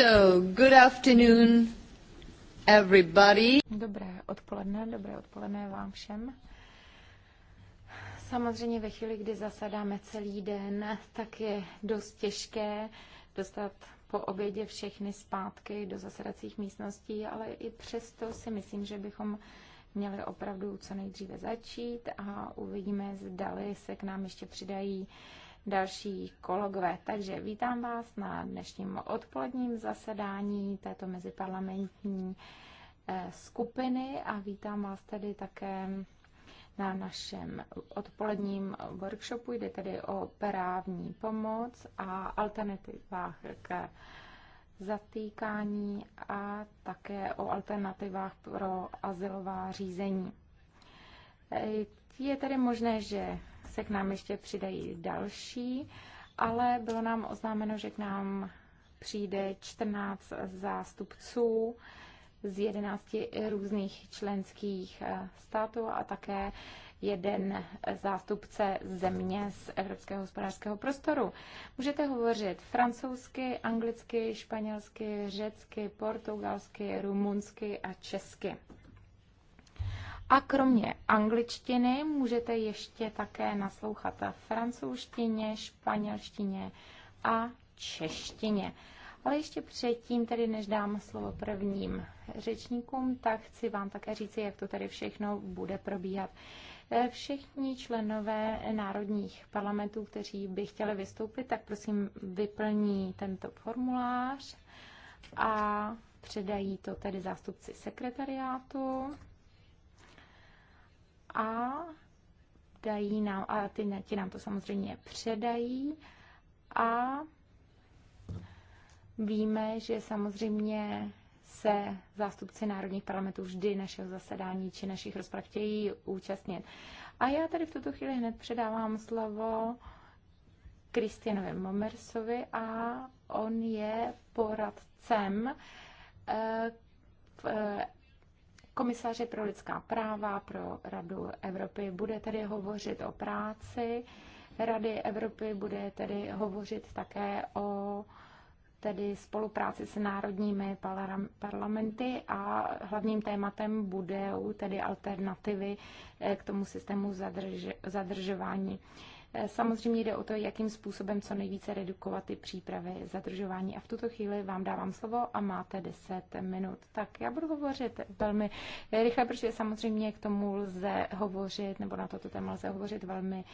So, good afternoon, everybody. Dobré odpoledne, dobré odpoledne vám všem. Samozřejmě ve chvíli, kdy zasadáme celý den, tak je dost těžké dostat po obědě všechny zpátky do zasedacích místností, ale i přesto si myslím, že bychom měli opravdu co nejdříve začít a uvidíme, zdali se k nám ještě přidají uh, další kolegové. Takže vítám vás na dnešním odpoledním zasedání této meziparlamentní eh, skupiny a vítám vás tedy také na našem odpoledním workshopu. Jde tedy o právní pomoc a alternativách k zatýkání a také o alternativách pro azylová řízení. Eh, je tedy možné, že se k nám ještě přidají další, ale bylo nám oznámeno, že k nám přijde 14 zástupců z 11 různých členských eh, států a také jeden zástupce země z Evropského hospodářského prostoru. Můžete hovořit francouzsky, anglicky, španělsky, řecky, portugalsky, rumunsky a česky. A kromě angličtiny můžete ještě také naslouchat francouzštině, španělštině a češtině. Ale ještě předtím, tedy než dám slovo prvním řečníkům, tak chci vám také říci, jak to tady všechno bude probíhat. Všichni členové národních parlamentů, kteří by chtěli vystoupit, tak prosím vyplní tento formulář a předají to tedy zástupci sekretariátu a dají nám, a ty, ti nám to samozřejmě předají a víme, že samozřejmě se zástupci národních parlamentů vždy našeho zasedání či našich rozprav chtějí účastnit. A já tady v tuto chvíli hned předávám slovo Kristianovi Momersovi a on je poradcem eh, v eh, komisaři pro lidská práva, pro Radu Evropy. Bude tedy hovořit o práci Rady Evropy, bude tedy hovořit také o tedy spolupráci s národními parlamenty a hlavním tématem budou tedy alternativy eh, k tomu systému zadrž, zadržování. Eh, samozřejmě jde o to, jakým způsobem co nejvíce redukovat ty přípravy zadržování. A v tuto chvíli vám dávám slovo a máte 10 minut. Tak já budu hovořit velmi rychle, protože samozřejmě k tomu lze hovořit, nebo na toto téma lze hovořit velmi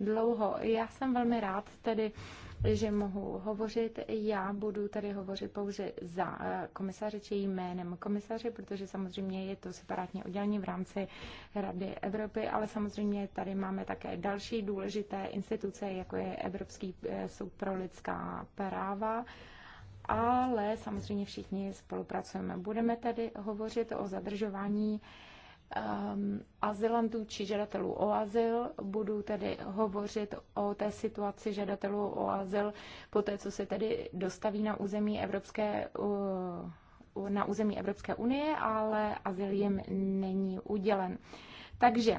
dlouho. Já jsem velmi rád tedy, že mohu hovořit. Já budu tady hovořit pouze za eh, komisaře či jménem komisaře, protože samozřejmě je to separátně oddělení v rámci Rady Evropy, ale samozřejmě tady máme také další důležité instituce, jako je Evropský eh, soud pro lidská práva ale samozřejmě všichni spolupracujeme. Budeme tedy hovořit o zadržování um, azylantů či žadatelů o azyl. Budu tedy hovořit o té situaci žadatelů o azyl po té, co se tedy dostaví na území Evropské na území Evropské unie, ale azyl jim není udělen. Takže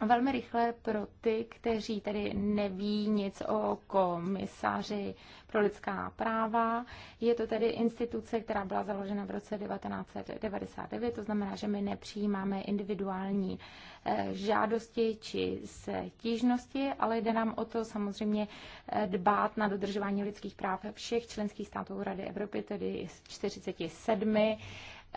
velmi rychle pro ty, kteří tedy neví nic o komisaři pro lidská práva. Je to tedy instituce, která byla založena v roce 1999, to znamená, že my nepřijímáme individuální eh, žádosti či stížnosti, ale jde nám o to samozřejmě eh, dbát na dodržování lidských práv všech členských států Rady Evropy, tedy 47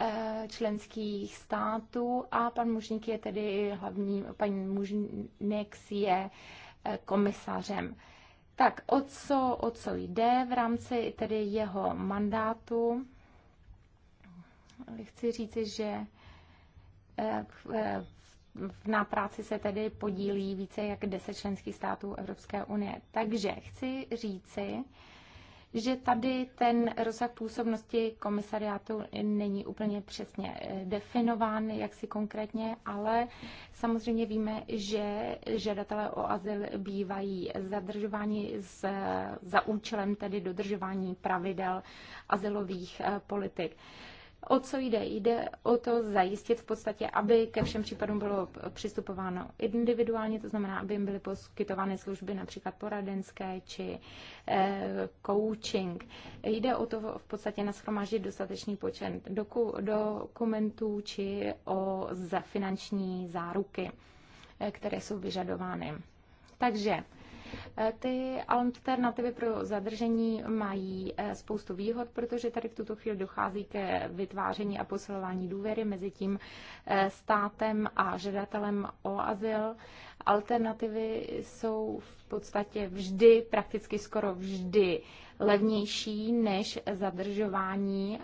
Eh, členských států a pan Mužník je tedy hlavní, pan Mužník je eh, komisařem. Tak o co, o co jde v rámci tedy jeho mandátu? Chci říci, že eh, na práci se tedy podílí více jak 10 členských států Evropské unie. Takže chci říci, že tady ten rozsah působnosti komisariátu není úplně přesně eh, definován, jak si konkrétně, ale samozřejmě víme, že žadatelé o azyl bývají zadržováni z, za účelem tedy dodržování pravidel azylových eh, politik. O co jde? Jde o to zajistit v podstatě, aby ke všem případům bylo přistupováno individuálně, to znamená, aby jim byly poskytovány služby například poradenské či e, coaching. Jde o to v podstatě nashromáždit dostatečný počet doku, dokumentů či o za finanční záruky, eh, které jsou vyžadovány. Takže Eh, ty alternativy pro zadržení mají eh, spoustu výhod, protože tady v tuto chvíli dochází ke vytváření a posilování důvěry mezi tím eh, státem a žadatelem o azyl. Alternativy jsou v podstatě vždy, prakticky skoro vždy levnější než zadržování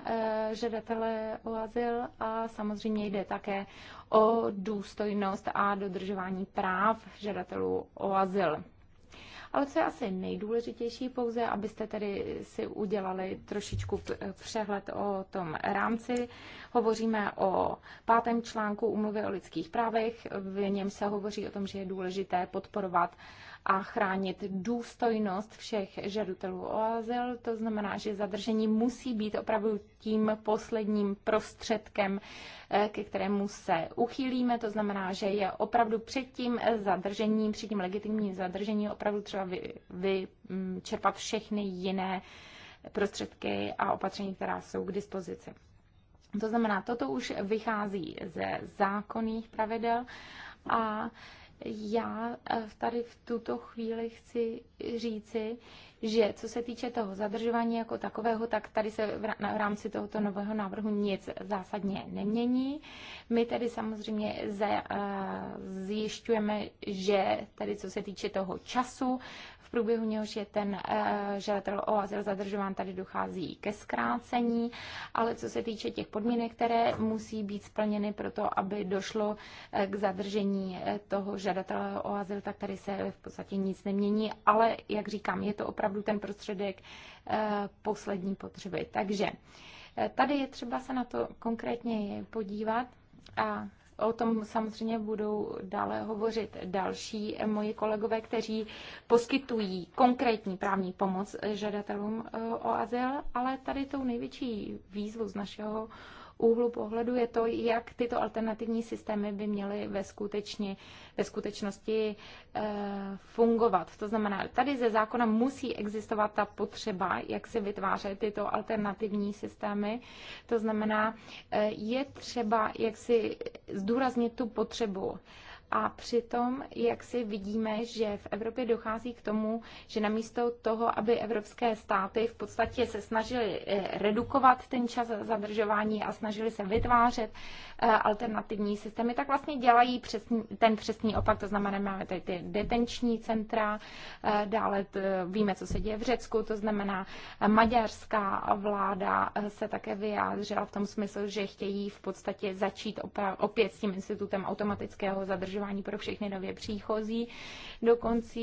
žadatele o azyl a samozřejmě jde také o důstojnost a dodržování práv žadatelů o azyl. Ale co je asi nejdůležitější pouze, abyste tedy si udělali trošičku přehled o tom rámci. Hovoříme o pátém článku umluvy o lidských právech. V něm se hovoří o tom, že je důležité podporovat a chránit důstojnost všech žadatelů o azyl. To znamená, že zadržení musí být opravdu tím posledním prostředkem, eh, ke kterému se uchýlíme. To znamená, že je opravdu před tím zadržením, před tím legitimním zadržením opravdu třeba potřeba vyčerpat mm, všechny jiné prostředky a opatření, která jsou k dispozici. To znamená, toto už vychází ze zákonných pravidel a já eh, tady v tuto chvíli chci říci, že co se týče toho zadržování jako takového, tak tady se v rámci tohoto nového návrhu nic zásadně nemění. My tedy samozřejmě eh, zjišťujeme, že tady co se týče toho času, v průběhu něhož je ten eh, žadatel o azyl zadržován, tady dochází ke zkrácení, ale co se týče těch podmínek, které musí být splněny pro to, aby došlo eh, k zadržení toho žadatele o azyl, tak tady se v podstatě nic nemění, ale jak říkám, je to opravdu opravdu ten prostředek eh, poslední potřeby. Takže eh, tady je třeba se na to konkrétně podívat a O tom samozřejmě budou dále hovořit další moji kolegové, kteří poskytují konkrétní právní pomoc žadatelům eh, o azyl, ale tady tou největší výzvu z našeho úhlu pohledu je to, jak tyto alternativní systémy by měly ve, skutečně, ve skutečnosti eh, fungovat. To znamená, tady ze zákona musí existovat ta potřeba, jak se vytvářet tyto alternativní systémy. To znamená, eh, je třeba jak si zdůraznit tu potřebu. A přitom, jak si vidíme, že v Evropě dochází k tomu, že namísto toho, aby evropské státy v podstatě se snažily eh, redukovat ten čas zadržování a snažili se vytvářet eh, alternativní systémy, tak vlastně dělají přesný, ten přesný opak. To znamená, máme tady ty detenční centra, eh, dále víme, co se děje v Řecku, to znamená, maďarská vláda se také vyjádřila v tom smyslu, že chtějí v podstatě začít opět s tím institutem automatického zadržování zaměstnaní pro všechny nově příchozí. Dokonce,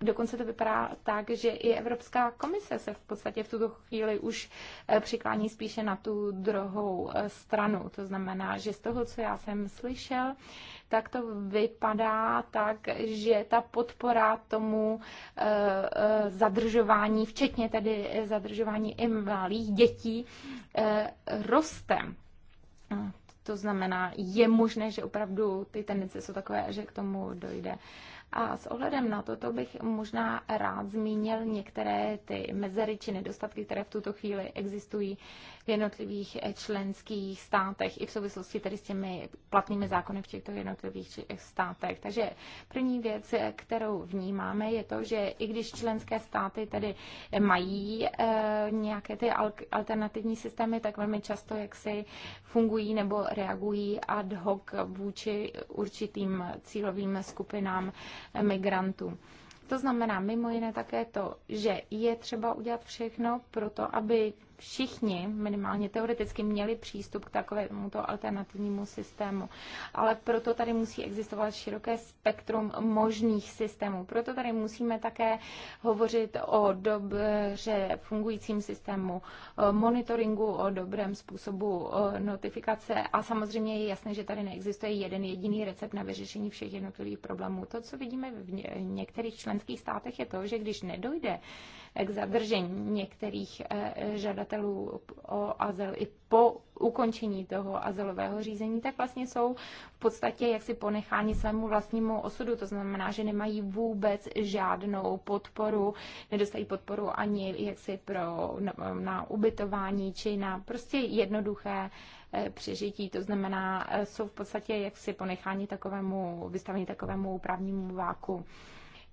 dokonce to vypadá tak, že i Evropská komise se v podstatě v tuto chvíli už eh, přiklání spíše na tu druhou eh, stranu. To znamená, že z toho, co já jsem slyšel, tak to vypadá tak, že ta podpora tomu eh, zadržování, včetně tedy zadržování i malých dětí, roste. To znamená, je možné, že opravdu ty tendence jsou takové, že k tomu dojde. A s ohledem na to, to bych možná rád zmínil některé ty mezery či nedostatky, které v tuto chvíli existují v jednotlivých eh, členských státech i v souvislosti tedy s těmi platnými zákony v těchto jednotlivých eh, státech. Takže první věc, eh, kterou vnímáme, je to, že i když členské státy tedy mají nějaké ty alternativní systémy, tak velmi často jak si fungují nebo reagují ad hoc vůči určitým cílovým skupinám migrantů. To znamená mimo jiné také to, že je třeba udělat všechno pro to, aby všichni minimálně teoreticky měli přístup k takovému to alternativnímu systému. Ale proto tady musí existovat široké spektrum možných systémů. Proto tady musíme také hovořit o dobře fungujícím systému monitoringu, o dobrém způsobu notifikace a samozřejmě je jasné, že tady neexistuje jeden jediný recept na vyřešení všech jednotlivých problémů. To, co vidíme v některých členských státech, je to, že když nedojde k zadržení některých eh, žadatelů o azyl i po ukončení toho azylového řízení, tak vlastně jsou v podstatě jaksi ponecháni svému vlastnímu osudu. To znamená, že nemají vůbec žádnou podporu, nedostají podporu ani jaksi pro, na, na ubytování či na prostě jednoduché eh, přežití. To znamená, eh, jsou v podstatě jaksi ponecháni takovému, vystavení takovému právnímu váku.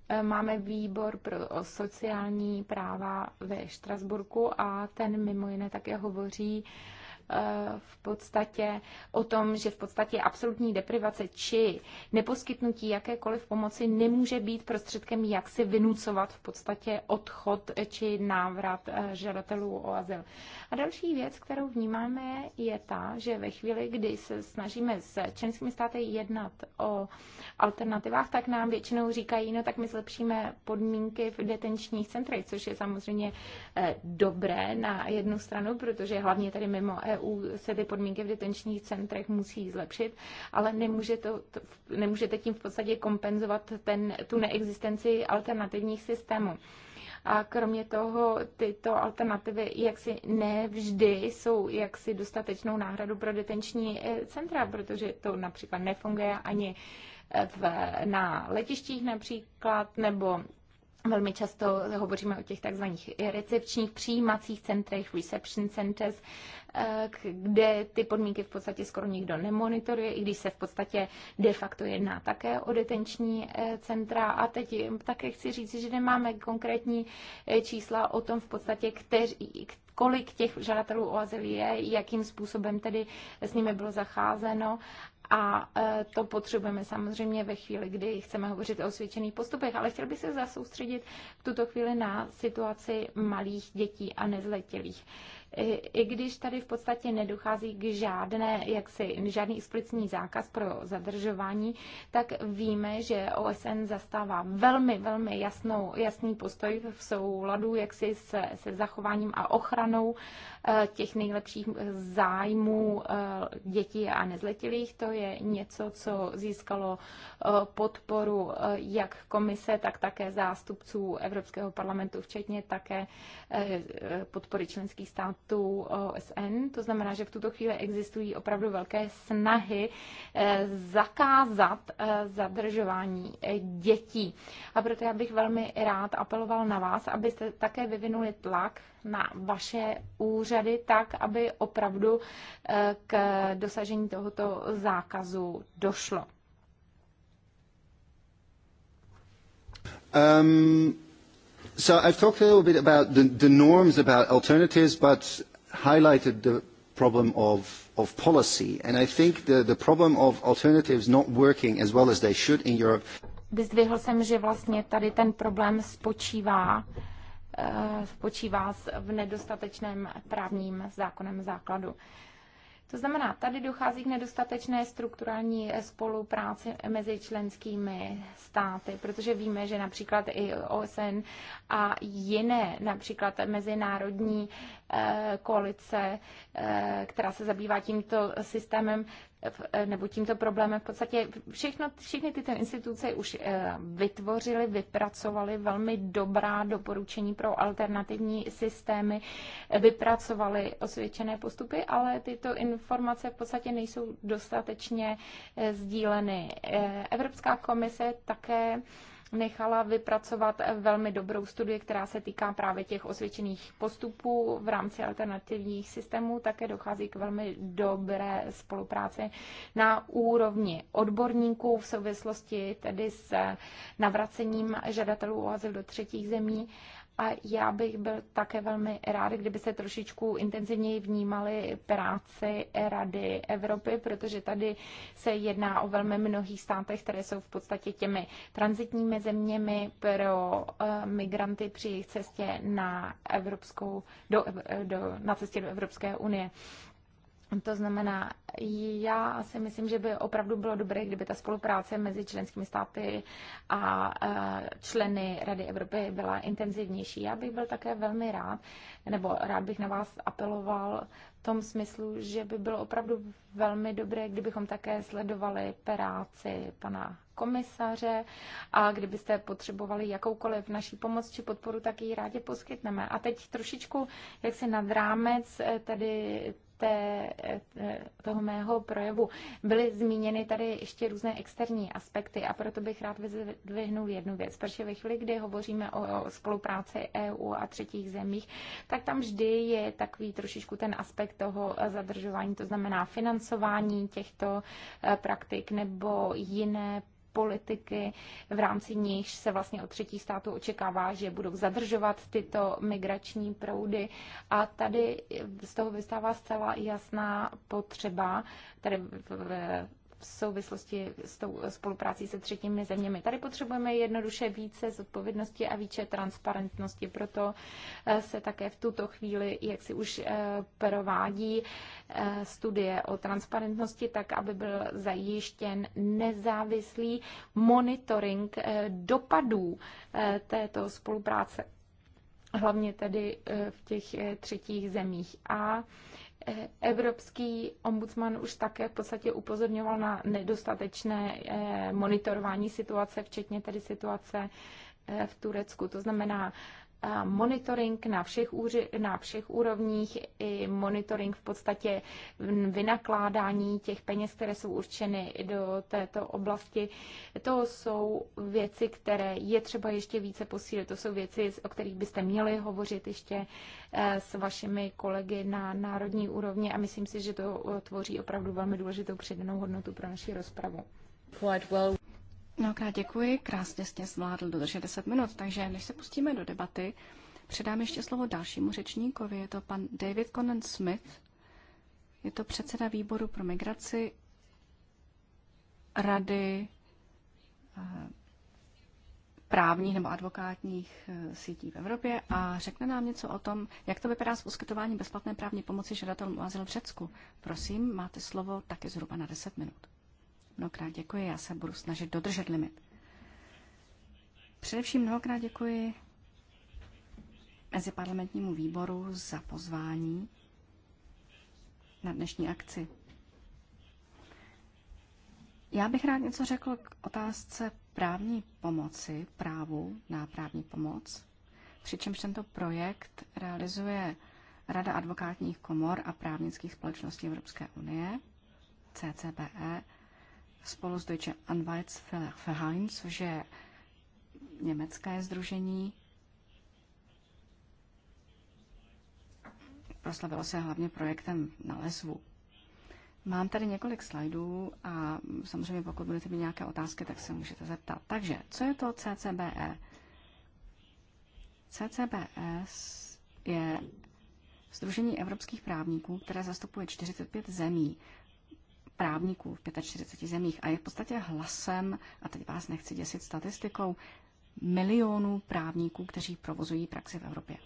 Eh, máme výbor pro sociální práva ve Štrasburku a ten mimo jiné také hovoří Eh, v podstatě o tom, že v podstatě absolutní deprivace či neposkytnutí jakékoliv pomoci nemůže být prostředkem, jak si vynucovat v podstatě odchod či návrat eh, žadatelů o azyl. A další věc, kterou vnímáme, je ta, že ve chvíli, kdy se snažíme s členskými státy jednat o alternativách, tak nám většinou říkají, no tak my zlepšíme podmínky v detenčních centrech, což je samozřejmě eh, dobré na jednu stranu, protože hlavně tady mimo EU EU se ty podmínky v detenčních centrech musí zlepšit, ale nemůže to, to, nemůžete tím v podstatě kompenzovat ten, tu neexistenci alternativních systémů. A kromě toho tyto alternativy jaksi nevždy jsou jaksi dostatečnou náhradu pro detenční eh, centra, protože to například nefunguje ani eh, v, na letištích například, nebo Velmi často hovoříme o těch takzvaných recepčních přijímacích centrech, reception centers, eh, kde ty podmínky v podstatě skoro nikdo nemonitoruje, i když se v podstatě de facto jedná také o detenční eh, centra. A teď také chci říct, že nemáme konkrétní eh, čísla o tom v podstatě, kteří, kolik těch žadatelů o azyl je, jakým způsobem tedy s nimi bylo zacházeno a e, to potřebujeme samozřejmě ve chvíli, kdy chceme hovořit o osvědčených postupech, ale chtěl bych se zasoustředit v tuto chvíli na situaci malých dětí a nezletilých i když tady v podstatě nedochází k žádné, jaksi, žádný explicitní zákaz pro zadržování, tak víme, že OSN zastává velmi, velmi jasnou, jasný postoj v souladu jaksi se, se zachováním a ochranou eh, těch nejlepších zájmů eh, dětí a nezletilých. To je něco, co získalo eh, podporu jak komise, tak také zástupců Evropského parlamentu, včetně také podpory členských států tu OSN. To znamená, že v tuto chvíli existují opravdu velké snahy eh, zakázat eh, zadržování eh, dětí. A proto já bych velmi rád apeloval na vás, abyste také vyvinuli tlak na vaše úřady tak, aby opravdu k dosažení tohoto zákazu došlo. Um, So I've talked a little bit about the, the norms about alternatives, but highlighted the problem of, of policy. And I think the, the problem of alternatives not working as well as they should in Europe. Vyzdvihl jsem, že vlastně tady ten problém spočívá, eh, spočívá v nedostatečném právním zákonem základu. To znamená, tady dochází k nedostatečné strukturální eh, spolupráci mezi členskými státy, protože víme, že například i OSN a jiné, například mezinárodní eh, koalice, eh, která se zabývá tímto systémem, Eh, nebo tímto problémem. V podstatě všechno, všechny tyto instituce už eh, vytvořily, vypracovaly velmi dobrá doporučení pro alternativní systémy, eh, vypracovaly osvědčené postupy, ale tyto informace v podstatě nejsou dostatečně sdíleny. Evropská komise také nechala vypracovat velmi dobrou studii, která se týká právě těch osvědčených postupů v rámci alternativních systémů. Také dochází k velmi dobré spolupráci na úrovni odborníků v souvislosti tedy s navracením žadatelů o azyl do třetích zemí a já bych byl také velmi rád, kdyby se trošičku intenzivněji vnímali práci Rady Evropy, protože tady se jedná o velmi mnohých státech, které jsou v podstatě těmi transitními zeměmi pro eh, migranty při jejich cestě na Evropskou, do, do, na cestě do Evropské unie. To znamená, já si myslím, že by opravdu bylo dobré, kdyby ta spolupráce mezi členskými státy a e, členy Rady Evropy byla intenzivnější. Já bych byl také velmi rád, nebo rád bych na vás apeloval v tom smyslu, že by bylo opravdu velmi dobré, kdybychom také sledovali práci pana komisaře a kdybyste potřebovali jakoukoliv naší pomoc či podporu, tak ji rádi poskytneme. A teď trošičku, jak si nad rámec e, tady té, toho mého projevu byly zmíněny tady ještě různé externí aspekty a proto bych rád vyzvihnul jednu věc. Protože ve chvíli, kdy hovoříme o spolupráci EU a třetích zemích, tak tam vždy je takový trošičku ten aspekt toho zadržování, to znamená financování těchto eh, praktik nebo jiné politiky, v rámci níž se vlastně od třetích států očekává, že budou zadržovat tyto migrační proudy. A tady z toho vystává zcela jasná potřeba, tady v, v, v souvislosti s tou spoluprácí se třetími zeměmi. Tady potřebujeme jednoduše více zodpovědnosti a více transparentnosti, proto eh, se také v tuto chvíli, jak si už eh, provádí eh, studie o transparentnosti, tak aby byl zajištěn nezávislý monitoring dopadů této spolupráce hlavně tedy v těch třetích zemích. A E, evropský ombudsman už také v podstatě upozorňoval na nedostatečné e, monitorování situace, včetně tedy situace e, v Turecku. To znamená, monitoring na všech, úři, na všech úrovních i monitoring v podstatě vynakládání těch peněz, které jsou určeny do této oblasti. To jsou věci, které je třeba ještě více posílit. To jsou věci, o kterých byste měli hovořit ještě eh, s vašimi kolegy na národní úrovni a myslím si, že to tvoří opravdu velmi důležitou přidanou hodnotu pro naši rozpravu. Quite well. Mnohokrát děkuji, krásně jste zvládl dodržet 10 minut, takže než se pustíme do debaty, předám ještě slovo dalšímu řečníkovi, je to pan David Conan Smith, je to předseda výboru pro migraci rady eh, právních nebo advokátních eh, sítí v Evropě a řekne nám něco o tom, jak to vypadá s poskytováním bezplatné právní pomoci žadatelům o azyl v Řecku. Prosím, máte slovo taky zhruba na 10 minut. Mnohokrát děkuji, já se budu snažit dodržet limit. Především mnohokrát děkuji Meziparlamentnímu výboru za pozvání na dnešní akci. Já bych rád něco řekl k otázce právní pomoci, právu na právní pomoc, přičemž tento projekt realizuje Rada advokátních komor a právnických společností Evropské unie, CCBE, spolu s Deutsche Anwaltsverein, což je německé združení. Proslavilo se hlavně projektem na lesvu. Mám tady několik slajdů a samozřejmě pokud budete mít nějaké otázky, tak se můžete zeptat. Takže, co je to CCBE? CCBS e je Združení evropských právníků, které zastupuje 45 zemí právníků v 45 zemích a je v podstatě hlasem, a teď vás nechci děsit statistikou, milionů právníků, kteří provozují praxi v Evropě.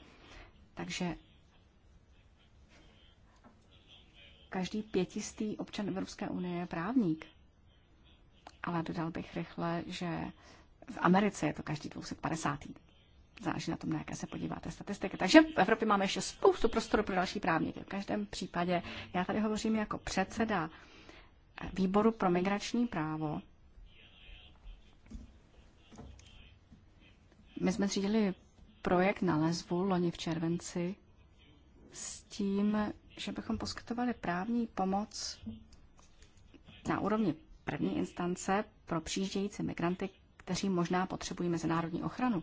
Takže každý pětistý občan Evropské unie je právník. Ale dodal bych rychle, že v Americe je to každý 250. Záleží na tom, na jaké se podíváte statistiky. Takže v Evropě máme ještě spoustu prostoru pro další právníky. V každém případě já tady hovořím jako předseda výboru pro migrační právo. My jsme zřídili projekt na lesbu loni v červenci s tím, že bychom poskytovali právní pomoc na úrovni první instance pro přijíždějící migranty, kteří možná potřebují mezinárodní ochranu.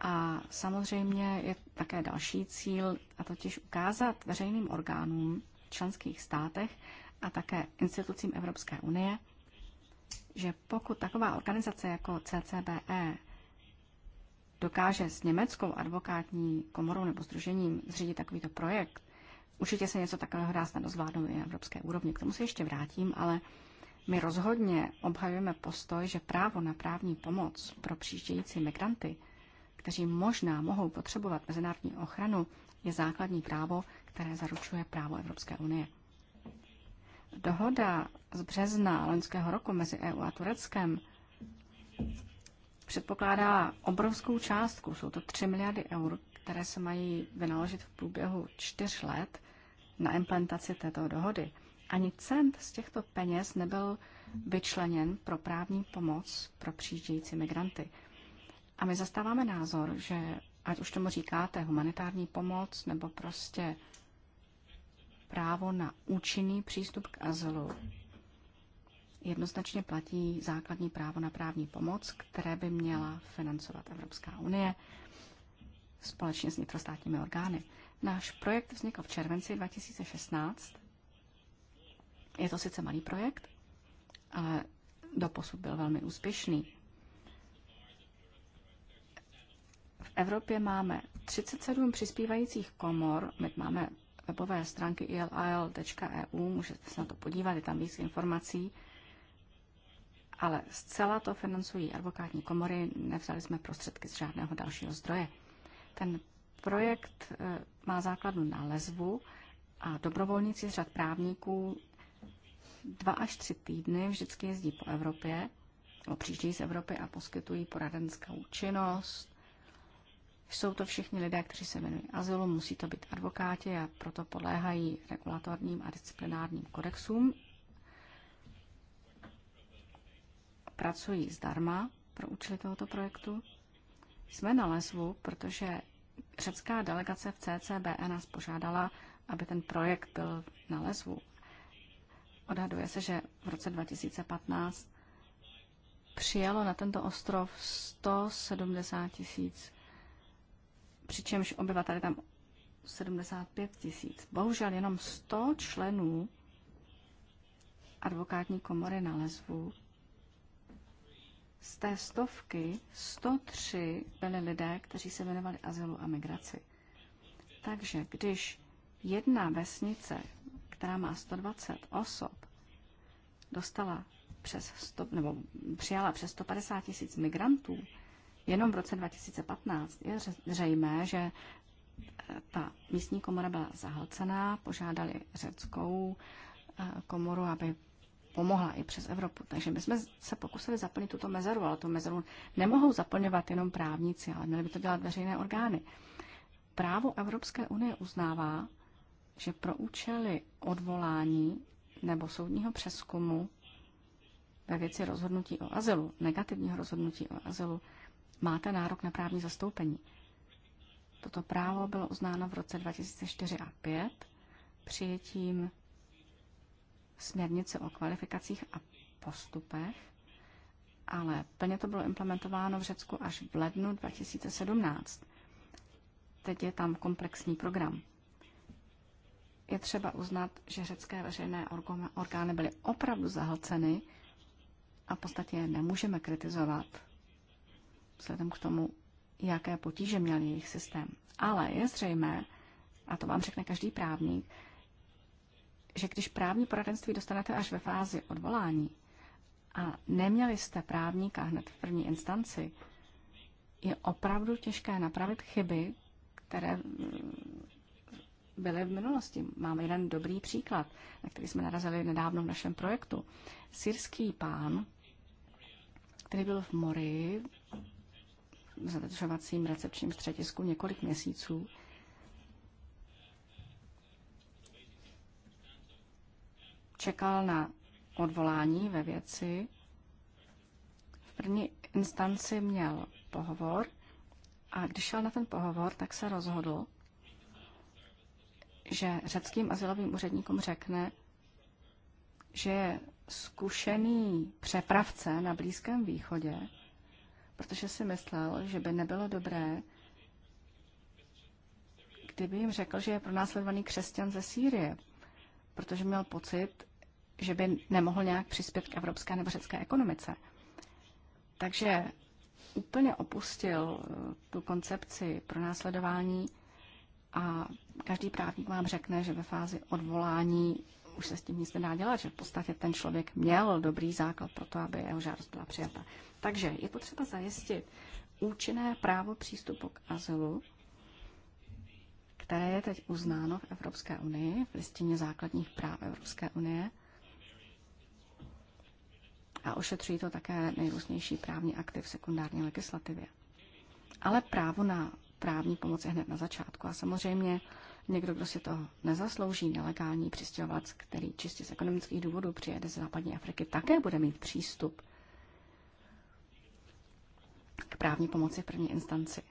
A samozřejmě je také další cíl, a totiž ukázat veřejným orgánům v členských státech a také institucím Evropské unie, že pokud taková organizace jako CCBE dokáže s německou advokátní komorou nebo združením zřídit takovýto projekt, určitě se něco takového dá snad zvládnout i na evropské úrovni. K tomu se ještě vrátím, ale my rozhodně obhajujeme postoj, že právo na právní pomoc pro přijíždějící migranty, kteří možná mohou potřebovat mezinárodní ochranu, je základní právo, které zaručuje právo Evropské unie. Dohoda z března loňského roku mezi EU a Tureckem předpokládá obrovskou částku, jsou to 3 miliardy eur, které se mají vynaložit v průběhu čtyř let na implementaci této dohody. Ani cent z těchto peněz nebyl vyčleněn pro právní pomoc pro přijíždějící migranty. A my zastáváme názor, že ať už tomu říkáte humanitární pomoc nebo prostě právo na účinný přístup k azylu jednoznačně platí základní právo na právní pomoc, které by měla financovat Evropská unie společně s vnitrostátními orgány. Náš projekt vznikl v červenci 2016. Je to sice malý projekt, ale doposud byl velmi úspěšný. V Evropě máme 37 přispívajících komor, my máme webové stránky ilal.eu e můžete se na to podívat, je tam víc informací, ale zcela to financují advokátní komory, nevzali jsme prostředky z žádného dalšího zdroje. Ten projekt e, má základnu na lesbu a dobrovolníci z řad právníků dva až tři týdny vždycky jezdí po Evropě, nebo přijíždějí z Evropy a poskytují poradenskou činnost, jsou to všichni lidé, kteří se věnují azylu, musí to být advokáti a proto podléhají regulatorním a disciplinárním kodexům. Pracují zdarma pro účely tohoto projektu. Jsme na lesvu, protože řecká delegace v CCBE nás požádala, aby ten projekt byl na lesvu. Odhaduje se, že v roce 2015 přijelo na tento ostrov 170 tisíc přičemž obyvatel tam 75 tisíc. Bohužel jenom 100 členů advokátní komory lesbu. Z té stovky 103 byli lidé, kteří se věnovali azylu a migraci. Takže když jedna vesnice, která má 120 osob, dostala přes 100, nebo přijala přes 150 tisíc migrantů, jenom v roce 2015. Je zřejmé, že eh, ta místní komora byla zahlcená, požádali řeckou eh, komoru, aby pomohla i přes Evropu. Takže my jsme se pokusili zaplnit tuto mezeru, ale tu mezeru nemohou zaplňovat jenom právníci, ale měli by to dělat veřejné orgány. Právo Evropské unie uznává, že pro účely odvolání nebo soudního přeskumu ve věci rozhodnutí o azylu, negativního rozhodnutí o azylu, máte nárok na právní zastoupení. Toto právo bylo uznáno v roce 2004 a 5 přijetím směrnice o kvalifikacích a postupech, ale plně to bylo implementováno v Řecku až v lednu 2017. Teď je tam komplexní program. Je třeba uznat, že řecké veřejné orgány byly opravdu zahlceny a v podstatě je nemůžeme kritizovat vzhledem k tomu, jaké potíže měl jejich systém. Ale je zřejmé, a to vám řekne každý právník, že když právní poradenství dostanete až ve fázi odvolání a neměli jste právníka hned v první instanci, je opravdu těžké napravit chyby, které mm, byly v minulosti. Mám jeden dobrý příklad, na který jsme narazili nedávno v našem projektu. Syrský pán, který byl v Mori, v zadržovacím recepčním středisku několik měsíců. Čekal na odvolání ve věci. V první instanci měl pohovor a když šel na ten pohovor, tak se rozhodl, že řeckým asilovým úředníkům řekne, že je zkušený přepravce na Blízkém východě protože si myslel, že by nebylo dobré, kdyby jim řekl, že je pronásledovaný křesťan ze Sýrie, protože měl pocit, že by nemohl nějak přispět k evropské nebo řecké ekonomice. Takže úplně opustil eh, tu koncepci pronásledování a každý právník vám řekne, že ve fázi odvolání už se s tím nic nedá dělat, že v podstatě ten člověk měl dobrý základ pro to, aby jeho žádost byla přijata. Takže je potřeba zajistit účinné právo přístupu k azylu, které je teď uznáno v Evropské unii, v listině základních práv Evropské unie. A ošetřují to také nejrůznější právní akty v sekundární legislativě. Ale právo na právní pomoc je hned na začátku. A samozřejmě Někdo, kdo si to nezaslouží, nelegální přistěhovat, který čistě z ekonomických důvodů přijede z západní Afriky, také bude mít přístup k právní pomoci v první instanci.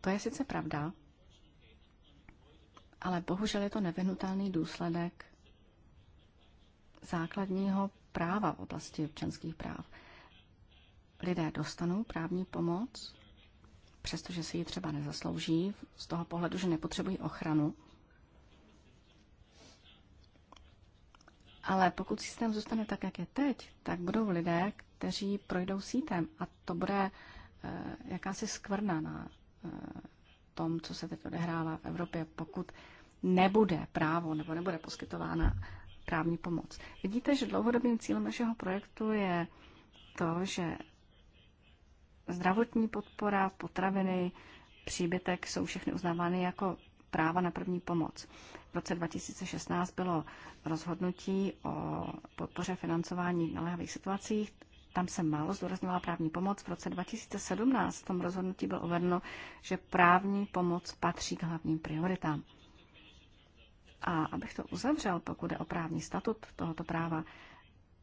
To je sice pravda, ale bohužel je to nevyhnutelný důsledek základního práva v oblasti občanských práv. Lidé dostanou právní pomoc, přestože si ji třeba nezaslouží, z toho pohledu, že nepotřebují ochranu, Ale pokud systém zůstane tak, jak je teď, tak budou lidé, kteří projdou sítem a to bude eh, jakási skvrna na eh, tom, co se teď odehrává v Evropě, pokud nebude právo nebo nebude poskytována právní pomoc. Vidíte, že dlouhodobým cílem našeho projektu je to, že zdravotní podpora, potraviny, příbytek jsou všechny uznávány jako práva na první pomoc. V roce 2016 bylo rozhodnutí o podpoře financování v naléhavých situacích. Tam se málo zdůrazňovala právní pomoc. V roce 2017 v tom rozhodnutí bylo uvedeno, že právní pomoc patří k hlavním prioritám. A abych to uzavřel, pokud je o právní statut tohoto práva,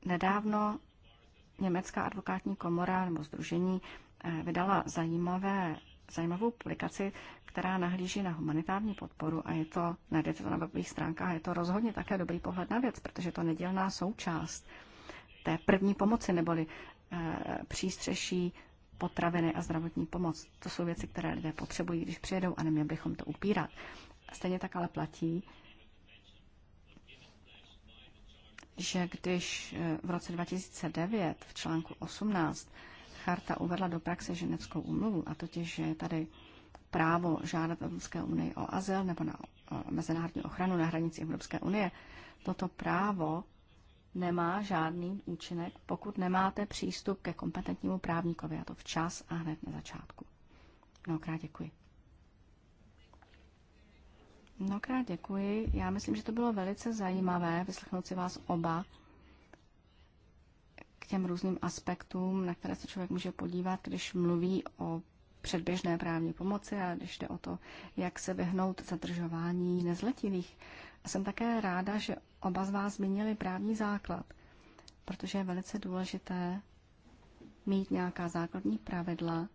nedávno Německá advokátní komora nebo združení eh, vydala zajímavé zajímavou publikaci, která nahlíží na humanitární podporu a je to, najdete to na webových stránkách, je to rozhodně také dobrý pohled na věc, protože to nedělná součást té první pomoci, neboli e, přístřeší, potraviny a zdravotní pomoc. To jsou věci, které lidé potřebují, když přijedou a neměli bychom to upírat. Stejně tak ale platí, že když eh, v roce 2009 v článku 18 charta uvedla do praxe ženevskou úmluvu, a totiž, že je tady právo žádat Evropské unii o azyl nebo na mezinárodní ochranu na hranici Evropské unie, toto právo nemá žádný účinek, pokud nemáte přístup ke kompetentnímu právníkovi, a to včas a hned na začátku. Mnohokrát děkuji. Mnohokrát děkuji. Já myslím, že to bylo velice zajímavé vyslechnout si vás oba těm různým aspektům, na které se člověk může podívat, když mluví o předběžné právní pomoci a když jde o to, jak se vyhnout zadržování nezletilých. A jsem také ráda, že oba z vás zmínili právní základ, protože je velice důležité mít nějaká základní pravidla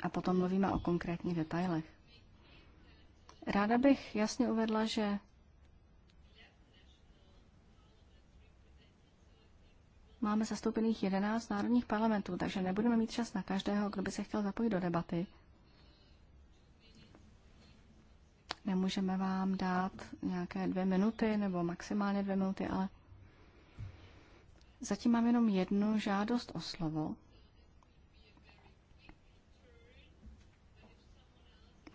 a potom mluvíme o konkrétních detailech. Ráda bych jasně uvedla, že máme zastoupených 11 národních parlamentů, takže nebudeme mít čas na každého, kdo by se chtěl zapojit do debaty. Nemůžeme vám dát nějaké dvě minuty nebo maximálně dvě minuty, ale zatím mám jenom jednu žádost o slovo.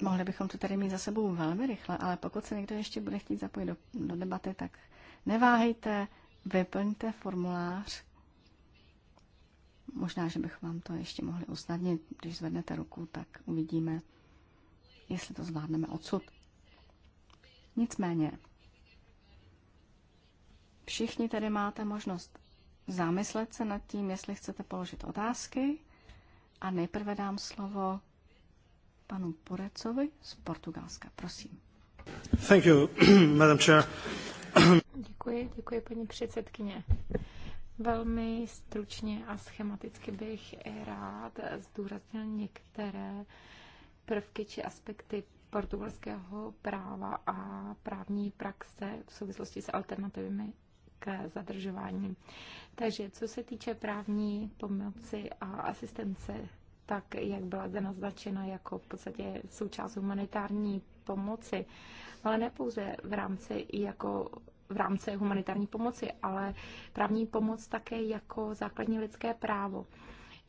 Mohli bychom to tady mít za sebou velmi rychle, ale pokud se někdo ještě bude chtít zapojit do, do debaty, tak neváhejte, vyplňte formulář Možná, že bych vám to ještě mohli usnadnit. Když zvednete ruku, tak uvidíme, jestli to zvládneme odsud. Nicméně, všichni tady máte možnost zamyslet se nad tím, jestli chcete položit otázky. A nejprve dám slovo panu Purecovi z Portugalska. Prosím. Thank you, Madam Chair. Děkuji, děkuji paní předsedkyně. Velmi stručně a schematicky bych rád zdůraznil některé prvky či aspekty portugalského práva a právní praxe v souvislosti s alternativami k zadržování. Takže co se týče právní pomoci a asistence, tak jak byla zde naznačena jako v podstatě součást humanitární pomoci, ale ne pouze v rámci jako v rámci humanitární pomoci, ale právní pomoc také jako základní lidské právo.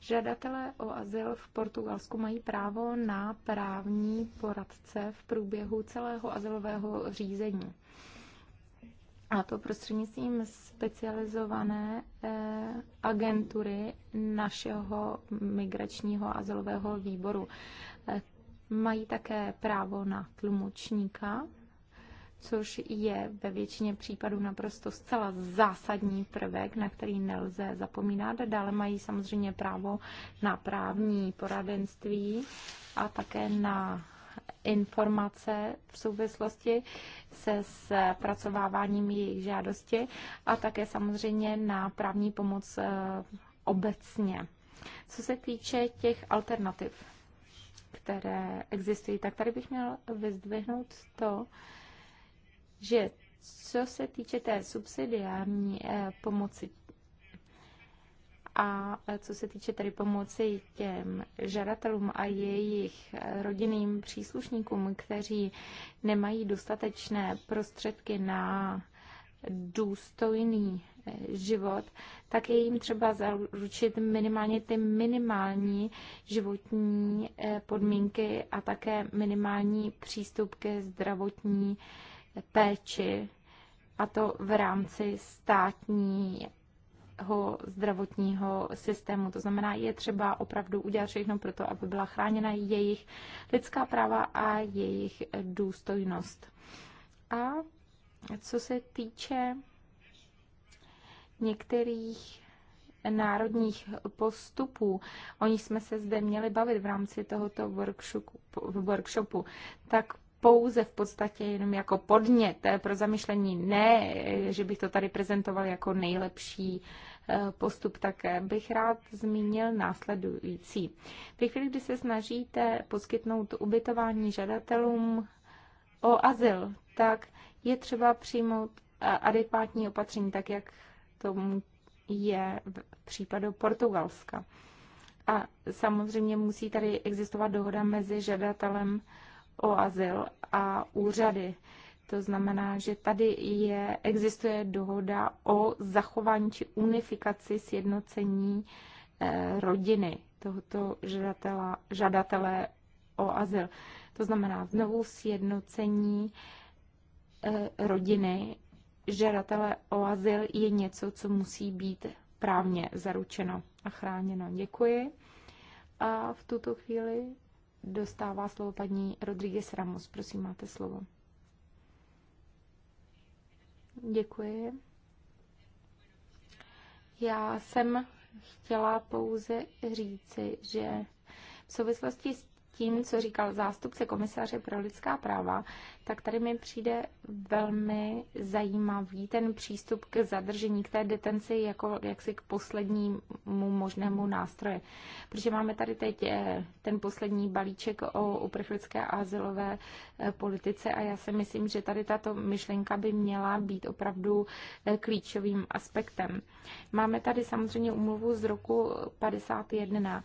Žadatelé o azyl v Portugalsku mají právo na právní poradce v průběhu celého azylového řízení. A to prostřednictvím specializované eh, agentury našeho migračního azylového výboru. Eh, mají také právo na tlumočníka což je ve většině případů naprosto zcela zásadní prvek, na který nelze zapomínat. Dále mají samozřejmě právo na právní poradenství a také na informace v souvislosti se zpracováváním jejich žádosti a také samozřejmě na právní pomoc eh, obecně. Co se týče těch alternativ, které existují, tak tady bych měl vyzdvihnout to, že co se týče té subsidiární eh, pomoci a eh, co se týče tedy pomoci těm žadatelům a jejich eh, rodinným příslušníkům, kteří nemají dostatečné prostředky na důstojný život, tak je jim třeba zaručit minimálně ty minimální životní podmínky a také minimální přístup ke zdravotní péči, a to v rámci státního zdravotního systému. To znamená, je třeba opravdu udělat všechno pro to, aby byla chráněna jejich lidská práva a jejich důstojnost. A co se týče některých národních postupů, o nich jsme se zde měli bavit v rámci tohoto workshopu, workshopu tak pouze v podstatě jenom jako podnět eh, pro zamyšlení, ne, eh, že bych to tady prezentoval jako nejlepší eh, postup, tak bych rád zmínil následující. Ve chvíli, kdy se snažíte poskytnout ubytování žadatelům o azyl, tak je třeba přijmout adekvátní opatření, tak jak tomu je v případu Portugalska. A samozřejmě musí tady existovat dohoda mezi žadatelem o azyl a úřady. To znamená, že tady je, existuje dohoda o zachování či unifikaci sjednocení eh, rodiny tohoto žadatela, žadatele o azyl. To znamená znovu sjednocení eh, rodiny žadatele o azyl je něco, co musí být právně zaručeno a chráněno. Děkuji. A v tuto chvíli dostává slovo paní Rodríguez Ramos. Prosím, máte slovo. Děkuji. Já jsem chtěla pouze říci, že v souvislosti s tím, co říkal zástupce komisaře pro lidská práva, tak tady mi přijde velmi zajímavý ten přístup k zadržení, k té detenci jako jaksi k poslednímu možnému nástroje. Protože máme tady teď eh, ten poslední balíček o uprchlické a azylové eh, politice a já si myslím, že tady tato myšlenka by měla být opravdu eh, klíčovým aspektem. Máme tady samozřejmě umluvu z roku 51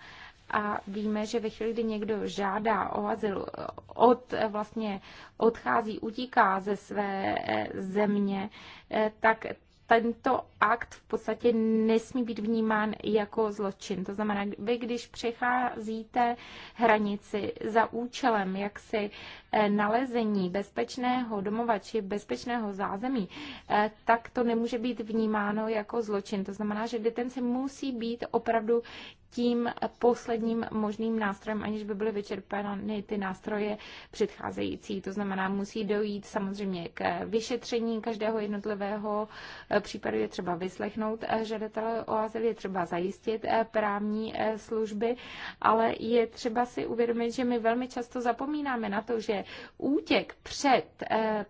a víme, že ve chvíli, kdy někdo žádá o azyl, od, vlastně odchází, utíká ze své eh, země, eh, tak tento akt v podstatě nesmí být vnímán jako zločin. To znamená, vy když přecházíte hranici za účelem jaksi eh, nalezení bezpečného domova či bezpečného zázemí, tak to nemůže být vnímáno jako zločin. To znamená, že detence musí být opravdu tím posledním možným nástrojem, aniž by byly vyčerpány ty nástroje předcházející. To znamená, musí dojít samozřejmě k vyšetření každého jednotlivého eh, případu. Je třeba vyslechnout eh, žadatele o azyl, je třeba zajistit eh, právní služby, ale je třeba si uvědomit, že my velmi často zapomínáme na to, že útěk před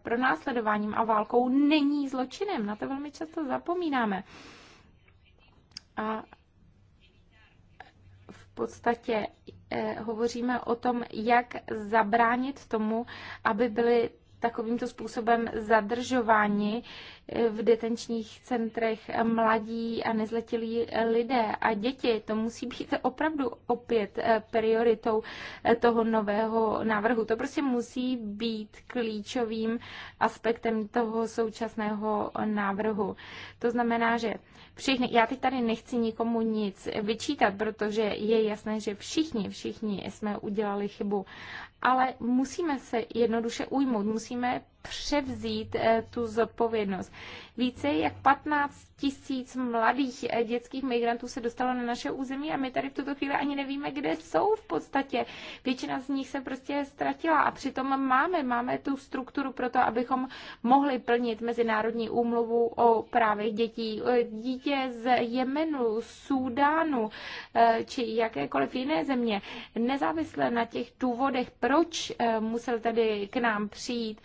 pronásledováním a válkou není zločinem. Na to velmi často zapomínáme. A podstatě eh, hovoříme o tom, jak zabránit tomu, aby byly takovýmto způsobem zadržováni v detenčních centrech mladí a nezletilí lidé a děti. To musí být opravdu opět eh, prioritou eh, toho nového návrhu. To prostě musí být klíčovým aspektem toho současného návrhu. To znamená, že všichni, já teď tady nechci nikomu nic vyčítat, protože je jasné, že všichni, všichni jsme udělali chybu, ale musíme se jednoduše ujmout, musíme převzít eh, tu zodpovědnost. Více jak 15 tisíc mladých eh, dětských migrantů se dostalo na naše území a my tady v tuto chvíli ani nevíme, kde jsou v podstatě. Většina z nich se prostě ztratila a přitom máme, máme tu strukturu pro to, abychom mohli plnit Mezinárodní úmluvu o právech dětí. Eh, Dítě z Jemenu, Súdánu eh, či jakékoliv jiné země, nezávisle na těch důvodech, proč musel tady k nám přijít,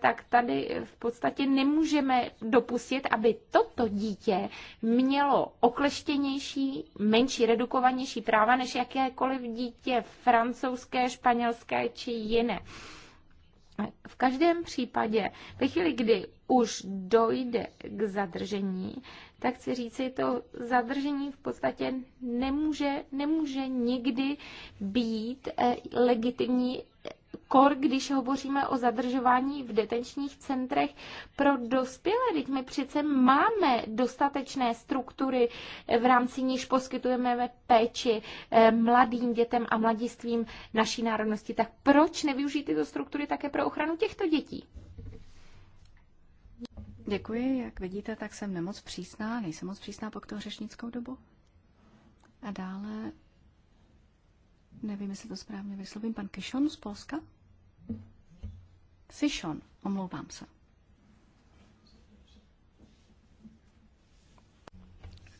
tak tady v podstatě nemůžeme do dopustit, aby toto dítě mělo okleštěnější, menší, redukovanější práva než jakékoliv dítě francouzské, španělské či jiné. V každém případě, ve chvíli, kdy už dojde k zadržení, tak chci říci, to zadržení v podstatě nemůže, nemůže nikdy být eh, legitimní kor, když hovoříme o zadržování v detenčních centrech pro dospělé. Teď my přece máme dostatečné struktury, eh, v rámci níž poskytujeme péči eh, mladým dětem a mladistvím naší národnosti. Tak proč nevyužít tyto struktury také pro ochranu těchto dětí? Děkuji. Jak vidíte, tak jsem nemoc přísná. Nejsem moc přísná po tou řešnickou dobu. A dále, nevím, jestli to správně vyslovím, pan Kishon z Polska. Fishon, omlouvám se.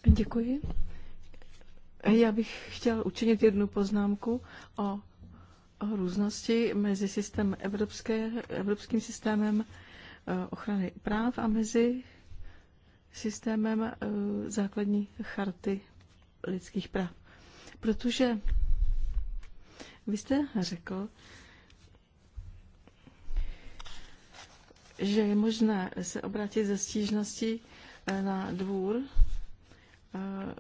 Děkuji. Já bych chtěl učinit jednu poznámku o, o různosti mezi systém evropské, evropským systémem eh, ochrany práv a mezi systémem eh, základní charty lidských práv. Protože vy jste řekl, že je možné se obrátit ze stížností eh, na dvůr, eh,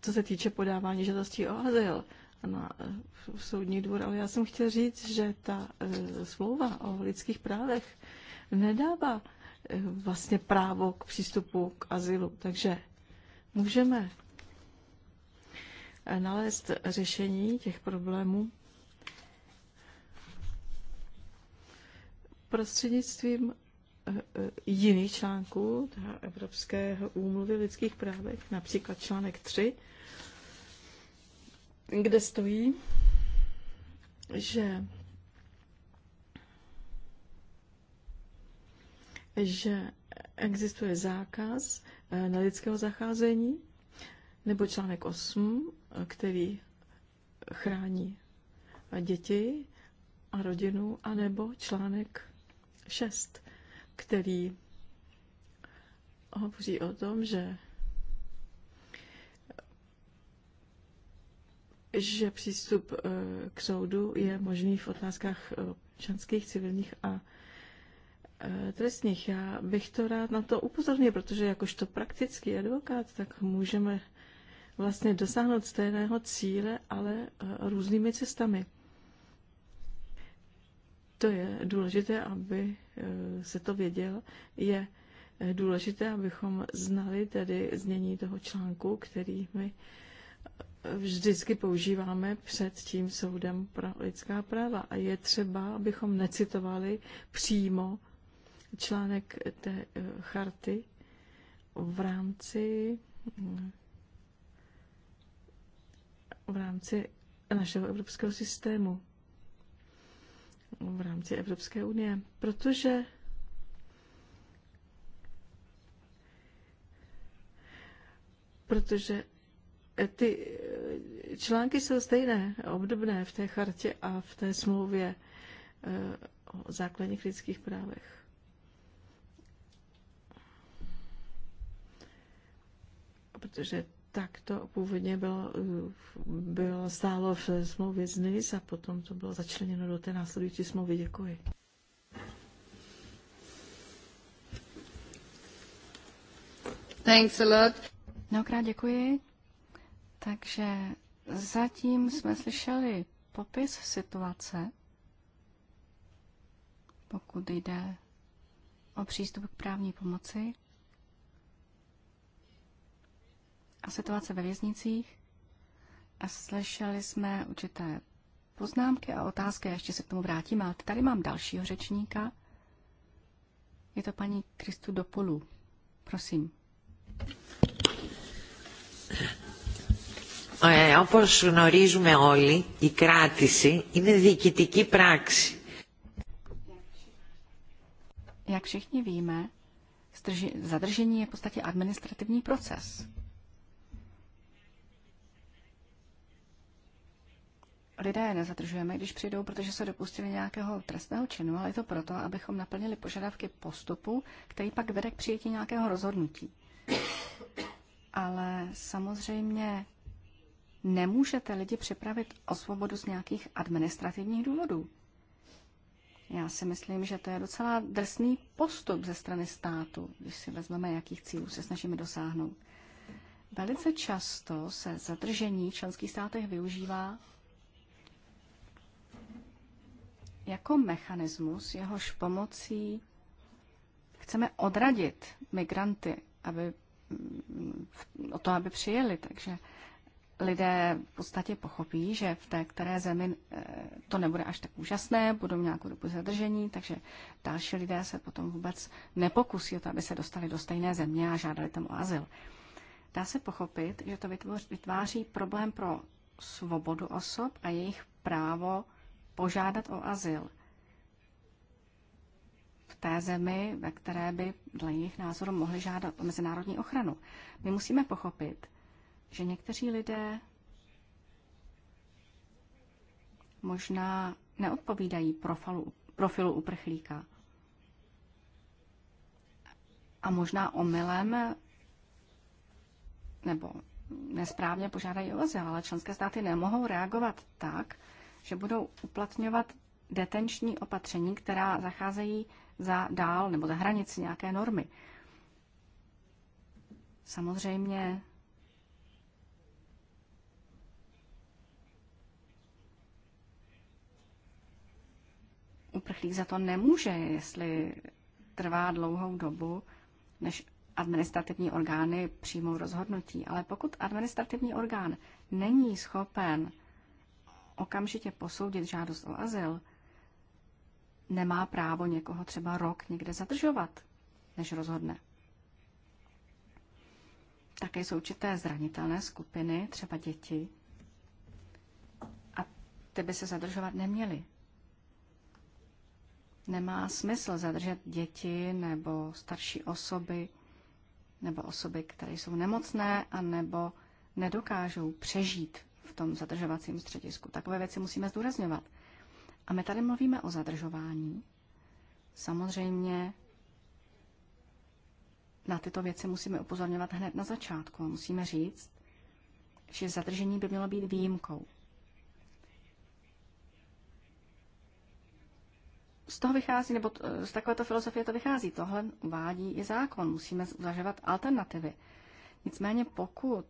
co se týče podávání žádostí o azyl na eh, soudní dvůr, ale já jsem chtěl říct, že ta smlouva o lidských právech nedává vlastně právo k přístupu k azylu. Takže můžeme nalézt řešení těch problémů prostřednictvím jiných článků Evropského úmluvy lidských právech, například článek 3, kde stojí, že že existuje zákaz eh, na lidského zacházení, nebo článek 8, který chrání děti a rodinu, anebo článek 6, který hovoří o tom, že že přístup eh, k soudu je možný v otázkách eh, občanských, civilních a eh, trestních. Já bych to rád na to upozornil, protože jakožto praktický advokát, tak můžeme vlastně dosáhnout stejného cíle, ale různými cestami to je důležité, aby e, se to věděl, je e, důležité, abychom znali tedy znění toho článku, který my e, vždycky používáme před tím soudem pro lidská práva. A je třeba, abychom necitovali přímo článek té charty v rámci v rámci našeho evropského systému v rámci Evropské unie, protože protože ty články jsou stejné, obdobné v té chartě a v té smlouvě eh, o základních lidských právech. Protože tak to původně bylo, eh, bylo stálo v smlouvě z NIS a potom to bylo začleněno do té následující smlouvy. Děkuji. Thanks a lot. Mnohokrát děkuji. Takže zatím jsme slyšeli popis situace, pokud jde o přístup k právní pomoci. a situace ve věznicích a slyšeli jsme určité poznámky a otázky, a ještě se k tomu vrátím, ale tady mám dalšího řečníka. Je to paní Kristu Dopolu. Prosím. Όπως γνωρίζουμε όλοι, η κράτηση είναι διοικητική πράξη. Jak všichni víme, zadržení je v podstatě administrativní proces. lidé nezadržujeme, když přijdou, protože se dopustili nějakého trestného činu, ale je to proto, abychom naplnili požadavky postupu, který pak vede k přijetí nějakého rozhodnutí. Ale samozřejmě nemůžete lidi připravit o svobodu z nějakých administrativních důvodů. Já si myslím, že to je docela drsný postup ze strany státu, když si vezmeme, jakých cílů se snažíme dosáhnout. Velice často se zadržení v členských státech využívá jako mechanismus, jehož pomocí chceme odradit migranty, aby mm, o to, aby přijeli. Takže lidé v podstatě pochopí, že v té které zemi eh, to nebude až tak úžasné, budou nějakou dobu zadržení, takže další lidé se potom vůbec nepokusí o to, aby se dostali do stejné země a žádali tam o azyl. Dá se pochopit, že to vytváří problém pro svobodu osob a jejich právo požádat o azyl v té zemi, ve které by dle jejich názoru mohli žádat o mezinárodní ochranu. My musíme pochopit, že někteří lidé možná neodpovídají profilu, profilu uprchlíka. A možná omylem nebo nesprávně požádají o azyl, ale členské státy nemohou reagovat tak, že budou uplatňovat detenční opatření, která zacházejí za dál nebo za hranici nějaké normy. Samozřejmě uprchlík za to nemůže, jestli trvá dlouhou dobu, než administrativní orgány přijmou rozhodnutí. Ale pokud administrativní orgán není schopen okamžitě posoudit žádost o azyl, nemá právo někoho třeba rok někde zadržovat, než rozhodne. Také jsou určité zranitelné skupiny, třeba děti, a ty by se zadržovat neměly. Nemá smysl zadržet děti nebo starší osoby, nebo osoby, které jsou nemocné a nebo nedokážou přežít v tom zadržovacím středisku. Takové věci musíme zdůrazňovat. A my tady mluvíme o zadržování. Samozřejmě na tyto věci musíme upozorňovat hned na začátku. Musíme říct, že zadržení by mělo být výjimkou. Z toho vychází, nebo z takovéto filozofie to vychází. Tohle uvádí i zákon. Musíme zvažovat alternativy. Nicméně pokud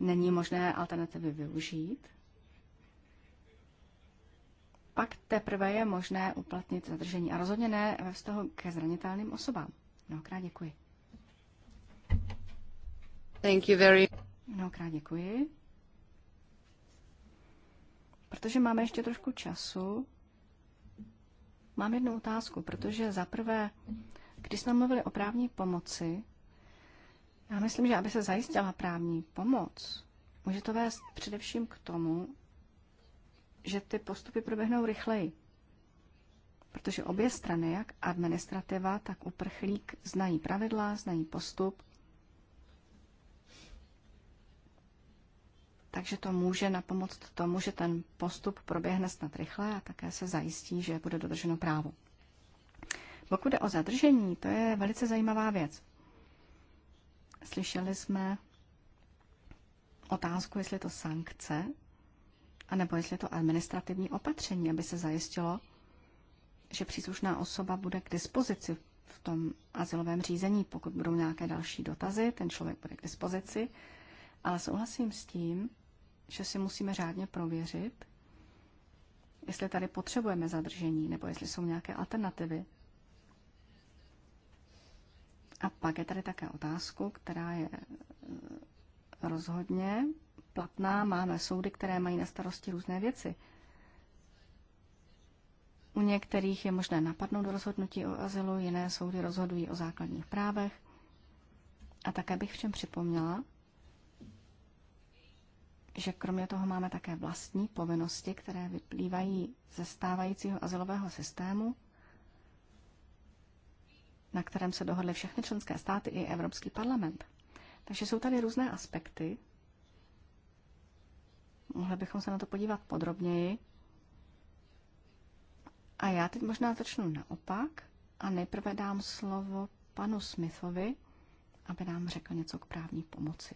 není možné alternativy využít, pak teprve je možné uplatnit zadržení. A rozhodně ne ve vztahu ke zranitelným osobám. Mnohokrát děkuji. Thank you very... Mnohokrát děkuji. Protože máme ještě trošku času, mám jednu otázku, protože zaprvé, když jsme mluvili o právní pomoci, já myslím, že aby se zajistila právní pomoc, může to vést především k tomu, že ty postupy proběhnou rychleji. Protože obě strany, jak administrativa, tak uprchlík, znají pravidla, znají postup. Takže to může napomoct tomu, že ten postup proběhne snad rychle a také se zajistí, že bude dodrženo právo. Pokud jde o zadržení, to je velice zajímavá věc. Slyšeli jsme otázku, jestli je to sankce, anebo jestli je to administrativní opatření, aby se zajistilo, že příslušná osoba bude k dispozici v tom asilovém řízení. Pokud budou nějaké další dotazy, ten člověk bude k dispozici. Ale souhlasím s tím, že si musíme řádně prověřit, jestli tady potřebujeme zadržení, nebo jestli jsou nějaké alternativy. A pak je tady také otázku, která je eh, rozhodně platná. Máme soudy, které mají na starosti různé věci. U některých je možné napadnout do rozhodnutí o azylu, jiné soudy rozhodují o základních právech. A také bych všem připomněla, že kromě toho máme také vlastní povinnosti, které vyplývají ze stávajícího azylového systému na kterém se dohodly všechny členské státy i Evropský parlament. Takže jsou tady různé aspekty. Mohli bychom se na to podívat podrobněji. A já teď možná začnu naopak a nejprve dám slovo panu Smithovi, aby nám řekl něco k právní pomoci.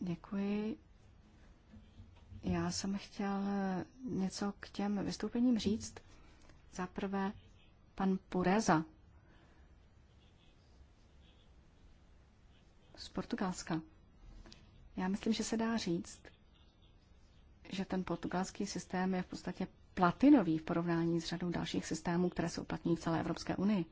Děkuji. Já jsem chtěl něco k těm vystoupením říct. Za prvé pan Pureza z Portugalska. Já myslím, že se dá říct, že ten portugalský systém je v podstatě platinový v porovnání s řadou dalších systémů, které jsou platní v celé Evropské unii.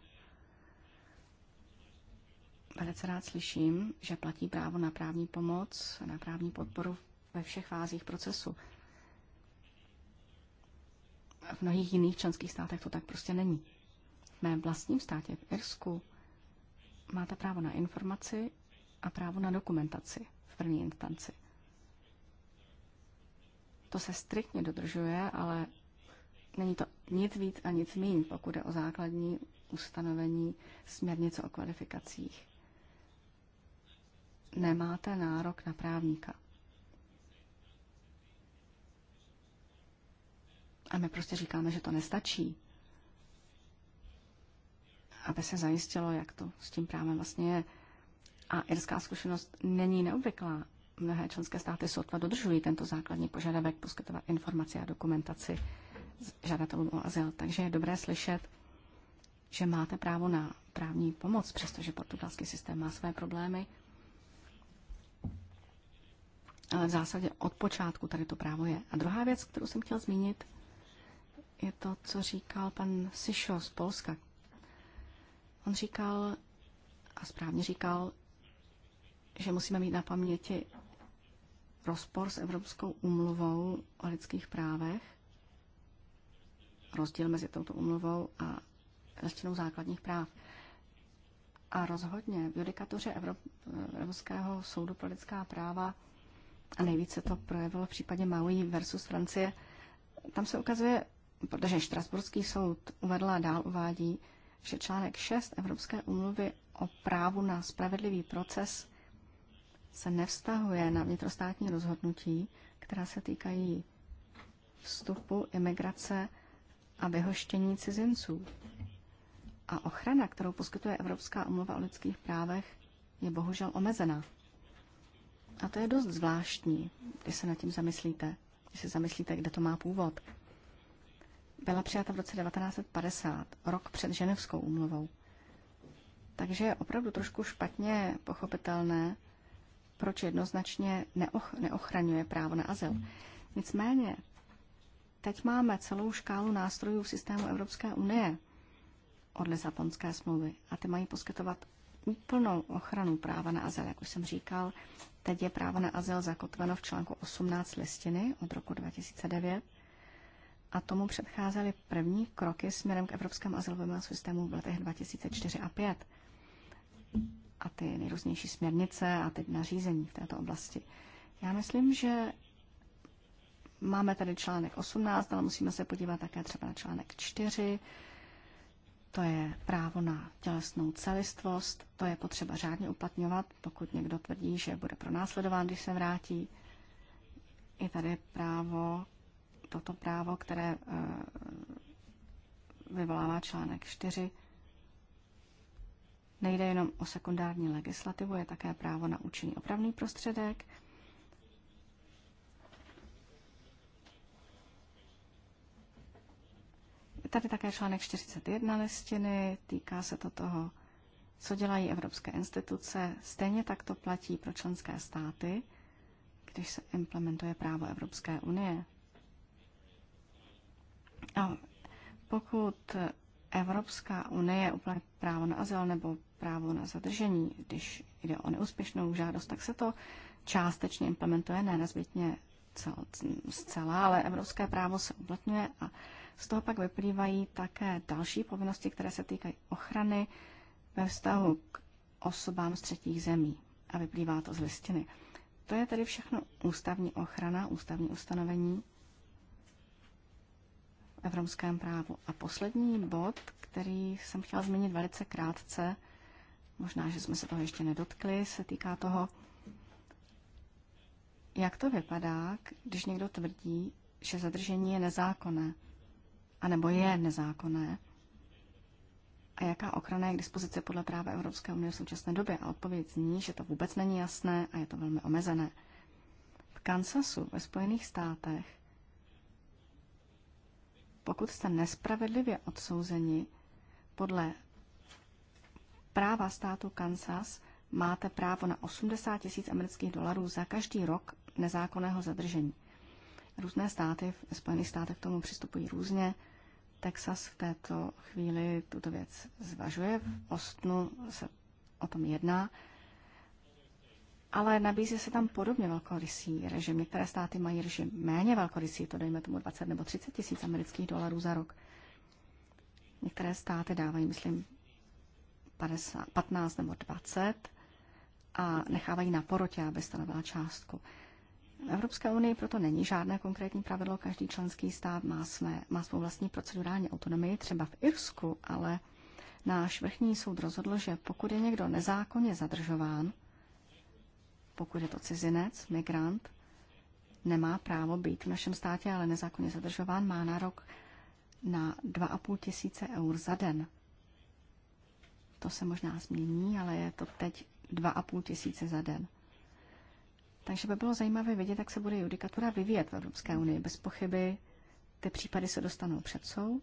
Velice rád slyším, že platí právo na právní pomoc, na právní podporu ve všech fázích procesu. V mnohých jiných členských státech to tak prostě není. V mém vlastním státě, v Irsku, máte právo na informaci a právo na dokumentaci v první instanci. To se striktně dodržuje, ale není to nic víc a nic méně, pokud je o základní ustanovení směrnice o kvalifikacích. Nemáte nárok na právníka. A my prostě říkáme, že to nestačí, aby se zajistilo, jak to s tím právem vlastně je. A irská zkušenost není neobvyklá. Mnohé členské státy sotva dodržují tento základní požadavek poskytovat informace a dokumentaci žadatelům o azyl. Takže je dobré slyšet, že máte právo na právní pomoc, přestože portugalský systém má své problémy. Ale v zásadě od počátku tady to právo je. A druhá věc, kterou jsem chtěl zmínit, je to, co říkal pan Sišo z Polska. On říkal, a správně říkal, že musíme mít na paměti rozpor s Evropskou umluvou o lidských právech, rozdíl mezi touto umluvou a listinou základních práv. A rozhodně v judikatuře Evropského soudu pro lidská práva, a nejvíce to projevilo v případě Maui versus Francie, tam se ukazuje, protože Štrasburský soud uvedla dál uvádí, že článek 6 Evropské umluvy o právu na spravedlivý proces se nevztahuje na vnitrostátní rozhodnutí, která se týkají vstupu, imigrace a vyhoštění cizinců. A ochrana, kterou poskytuje Evropská umluva o lidských právech, je bohužel omezená. A to je dost zvláštní, když se nad tím zamyslíte, když se zamyslíte, kde to má původ byla přijata v roce 1950, rok před Ženevskou úmluvou. Takže je opravdu trošku špatně pochopitelné, proč jednoznačně neoch- neochraňuje právo na azyl. Nicméně, teď máme celou škálu nástrojů v systému Evropské unie od Lisabonské smlouvy a ty mají poskytovat úplnou ochranu práva na azyl. Jak už jsem říkal, teď je právo na azyl zakotveno v článku 18 listiny od roku 2009 a tomu předcházely první kroky směrem k evropskému azylovému systému v letech 2004 a 5 a ty nejrůznější směrnice a teď nařízení v této oblasti. Já myslím, že máme tady článek 18, ale musíme se podívat také třeba na článek 4. To je právo na tělesnou celistvost, to je potřeba řádně uplatňovat, pokud někdo tvrdí, že bude pronásledován, když se vrátí. Je tady právo toto právo, které eh, vyvolává článek 4, nejde jenom o sekundární legislativu, je také právo na účinný opravný prostředek, tady také článek 41 listiny, týká se to toho, co dělají evropské instituce. Stejně tak to platí pro členské státy, když se implementuje právo Evropské unie. A pokud Evropská unie uplatí právo na azyl nebo právo na zadržení, když jde o neúspěšnou žádost, tak se to částečně implementuje, ne nezbytně cel, zcela, ale evropské právo se uplatňuje a z toho pak vyplývají také další povinnosti, které se týkají ochrany ve vztahu k osobám z třetích zemí. A vyplývá to z listiny. To je tedy všechno ústavní ochrana, ústavní ustanovení evropském právu. A poslední bod, který jsem chtěla zmínit velice krátce, možná, že jsme se toho ještě nedotkli, se týká toho, jak to vypadá, když někdo tvrdí, že zadržení je nezákonné, anebo je nezákonné, a jaká ochrana je k dispozici podle práva Evropské unie v současné době? A odpověď zní, že to vůbec není jasné a je to velmi omezené. V Kansasu ve Spojených státech pokud jste nespravedlivě odsouzeni podle práva státu Kansas, máte právo na 80 tisíc amerických dolarů za každý rok nezákonného zadržení. Různé státy v Spojených státech k tomu přistupují různě. Texas v této chvíli tuto věc zvažuje. V Ostnu se o tom jedná ale nabízí se tam podobně velkorysý režim. Některé státy mají režim méně velkorysý, to dejme tomu 20 nebo 30 tisíc amerických dolarů za rok. Některé státy dávají, myslím, 50, 15 nebo 20 a nechávají na porotě, aby stanovila částku. V Evropské unii proto není žádné konkrétní pravidlo, každý členský stát má, své, má svou vlastní procedurální autonomii, třeba v Irsku, ale náš vrchní soud rozhodl, že pokud je někdo nezákonně zadržován, pokud je to cizinec, migrant, nemá právo být v našem státě, ale nezákonně zadržován, má nárok na 2,5 tisíce eur za den. To se možná změní, ale je to teď 2,5 tisíce za den. Takže by bylo zajímavé vidět, jak se bude judikatura vyvíjet v Evropské unii. Bez pochyby ty případy se dostanou před soud,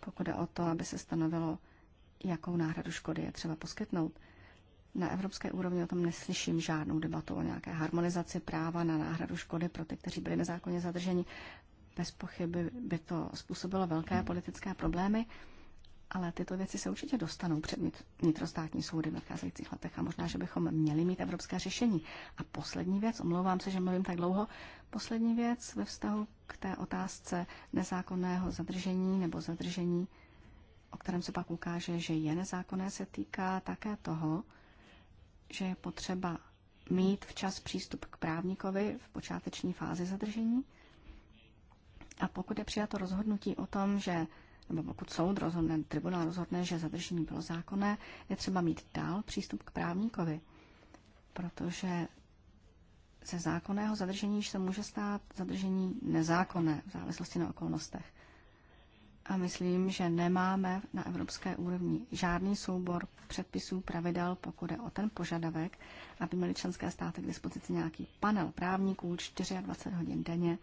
pokud je o to, aby se stanovilo, jakou náhradu škody je třeba poskytnout. Na evropské úrovni o tom neslyším žádnou debatu o nějaké harmonizaci práva na náhradu škody pro ty, kteří byli nezákonně zadrženi. Bez pochyby by to způsobilo velké politické problémy, ale tyto věci se určitě dostanou před vnitrostátní soudy v nadcházejících letech a možná, že bychom měli mít evropské řešení. A poslední věc, omlouvám se, že mluvím tak dlouho, poslední věc ve vztahu k té otázce nezákonného zadržení nebo zadržení, o kterém se pak ukáže, že je nezákonné, se týká také toho, že je potřeba mít včas přístup k právníkovi v počáteční fázi zadržení. A pokud je přijato rozhodnutí o tom, že nebo pokud soud rozhodne, tribunál rozhodne, že zadržení bylo zákonné, je třeba mít dál přístup k právníkovi, protože ze zákonného zadržení se může stát zadržení nezákonné v závislosti na okolnostech. A myslím, že nemáme na evropské úrovni žádný soubor předpisů, pravidel, pokud je o ten požadavek, aby měly členské státy k dispozici nějaký panel právníků 24 hodin denně,